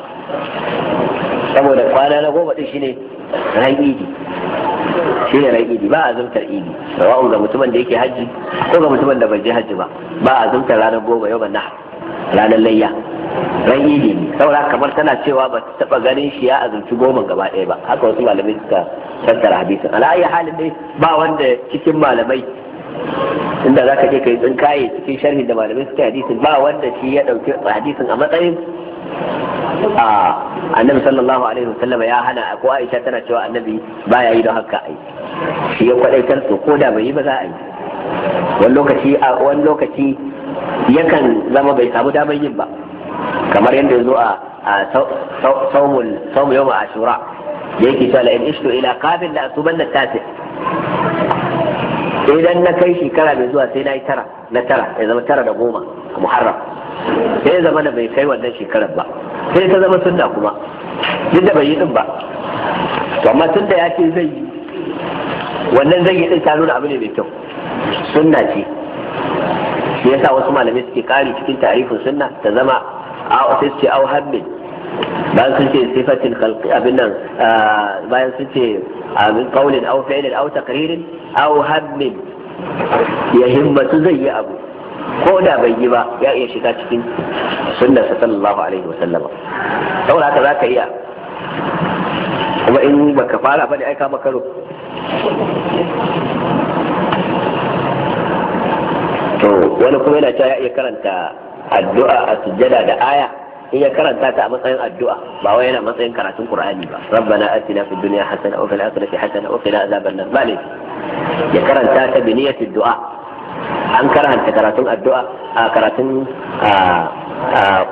saboda kwana na goma din shine ran idi shine ran idi ba azumtar idi sawa'un ga mutumin da yake hajji ko ga mutumin da bai je hajji ba ba azumtar ranar goma yau ban nahar ranar layya ran idi ne saura kamar tana cewa ba ta taba ganin shi ya azumci goma gaba ɗaya ba haka wasu malamai suka tattara hadisin ayi halin dai ba wanda cikin malamai inda za ka je kai yi tsinkaye cikin sharhi da malamai suka hadisin ba wanda shi ya ɗauki hadisin a matsayin a annabi sallallahu alaihi wasallam ya hana ko aisha tana cewa annabi baya yi don haka ai shi ya kwadaitar to ko da bai yi ba za a yi wani lokaci wani lokaci yakan zama bai samu damar yin ba kamar yadda zo a saumul saumu yau ashura da yake cewa in ishto ila kafin da asuban da tafi idan na kai shekara mai zuwa sai na yi tara na tara ya zama tara da goma a muharram sai zama da bai kai wannan shekarar ba sai ta zama sunna kuma duk da bai yi din ba to amma tun da ya ce zai yi wannan zai yi din ta nuna abu ne mai kyau sunna ce shi yasa wasu malamai suke kari cikin tarifin sunna ta zama aw sai ce aw hammin bayan sun ce sifatin abin nan bayan sun ce abin qaulin aw fi'lin aw taqririn aw hammin ya himmatu zai yi abu ko da bai yi ba ya iya shiga cikin sunnar sallallahu alaihi wasallam saboda haka zaka iya kuma in baka fara ba da aika maka to wani kuma yana cewa ya iya karanta addu'a a sujjada da aya in ya karanta ta a matsayin addu'a ba wai yana matsayin karatun qur'ani ba rabbana atina fid dunya hasana wa fil akhirati hasana wa qina azaban nar bale ya karanta ta bi niyyati du'a an karanta karatun addu'a a karatun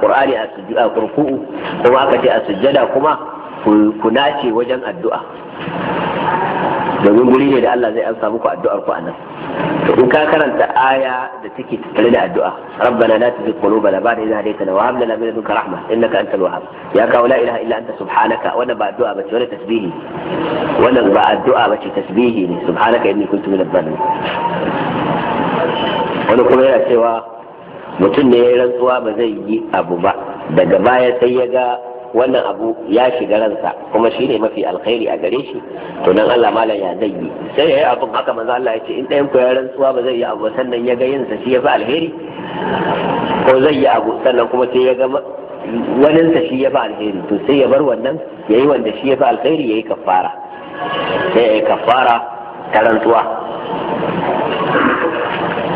qur'ani a sujjada kurku'u kuma aka ce a sujjada kuma ku nace wajen addu'a domin guri ne da Allah zai amsa muku addu'ar ku anan to in ka karanta aya da take tare da addu'a rabbana la tuzigh qulubana ba'da idh hadaytana wa hab lana min ladunka rahma innaka antal wahhab ya ka la ilaha illa anta subhanaka wannan ba addu'a bace wannan tasbihi wannan ba addu'a bace tasbihi ne subhanaka inni kuntu minadh dhalimin wani kuma yana cewa mutum ne ya rantsuwa ba zai yi abu ba daga baya sai ya ga wannan abu ya shiga ransa kuma shi ne mafi alkhairi a gare shi to nan Allah malam ya zai yi sai ya yi abin haka manzo Allah ya ce in ɗayan ku ya rantsuwa ba zai yi abu sannan ya ga yinsa shi ya fi alheri ko zai yi abu sannan kuma sai ya ga waninsa shi ya fi alheri to sai ya bar wannan ya yi wanda shi ya fi alkhairi ya yi kafara sai ya yi kafara ta rantsuwa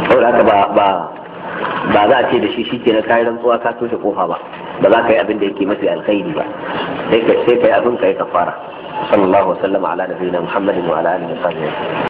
saboda haka ba ba za a ce da shi shi ke na kayan rantsuwa ka toshe kofa ba ba za ka yi abin da yake mafi alkhairi ba sai ka sai ka yi abin ka yi kafara sallallahu alaihi wa sallam ala nabiyina muhammadin wa ala alihi wa sahbihi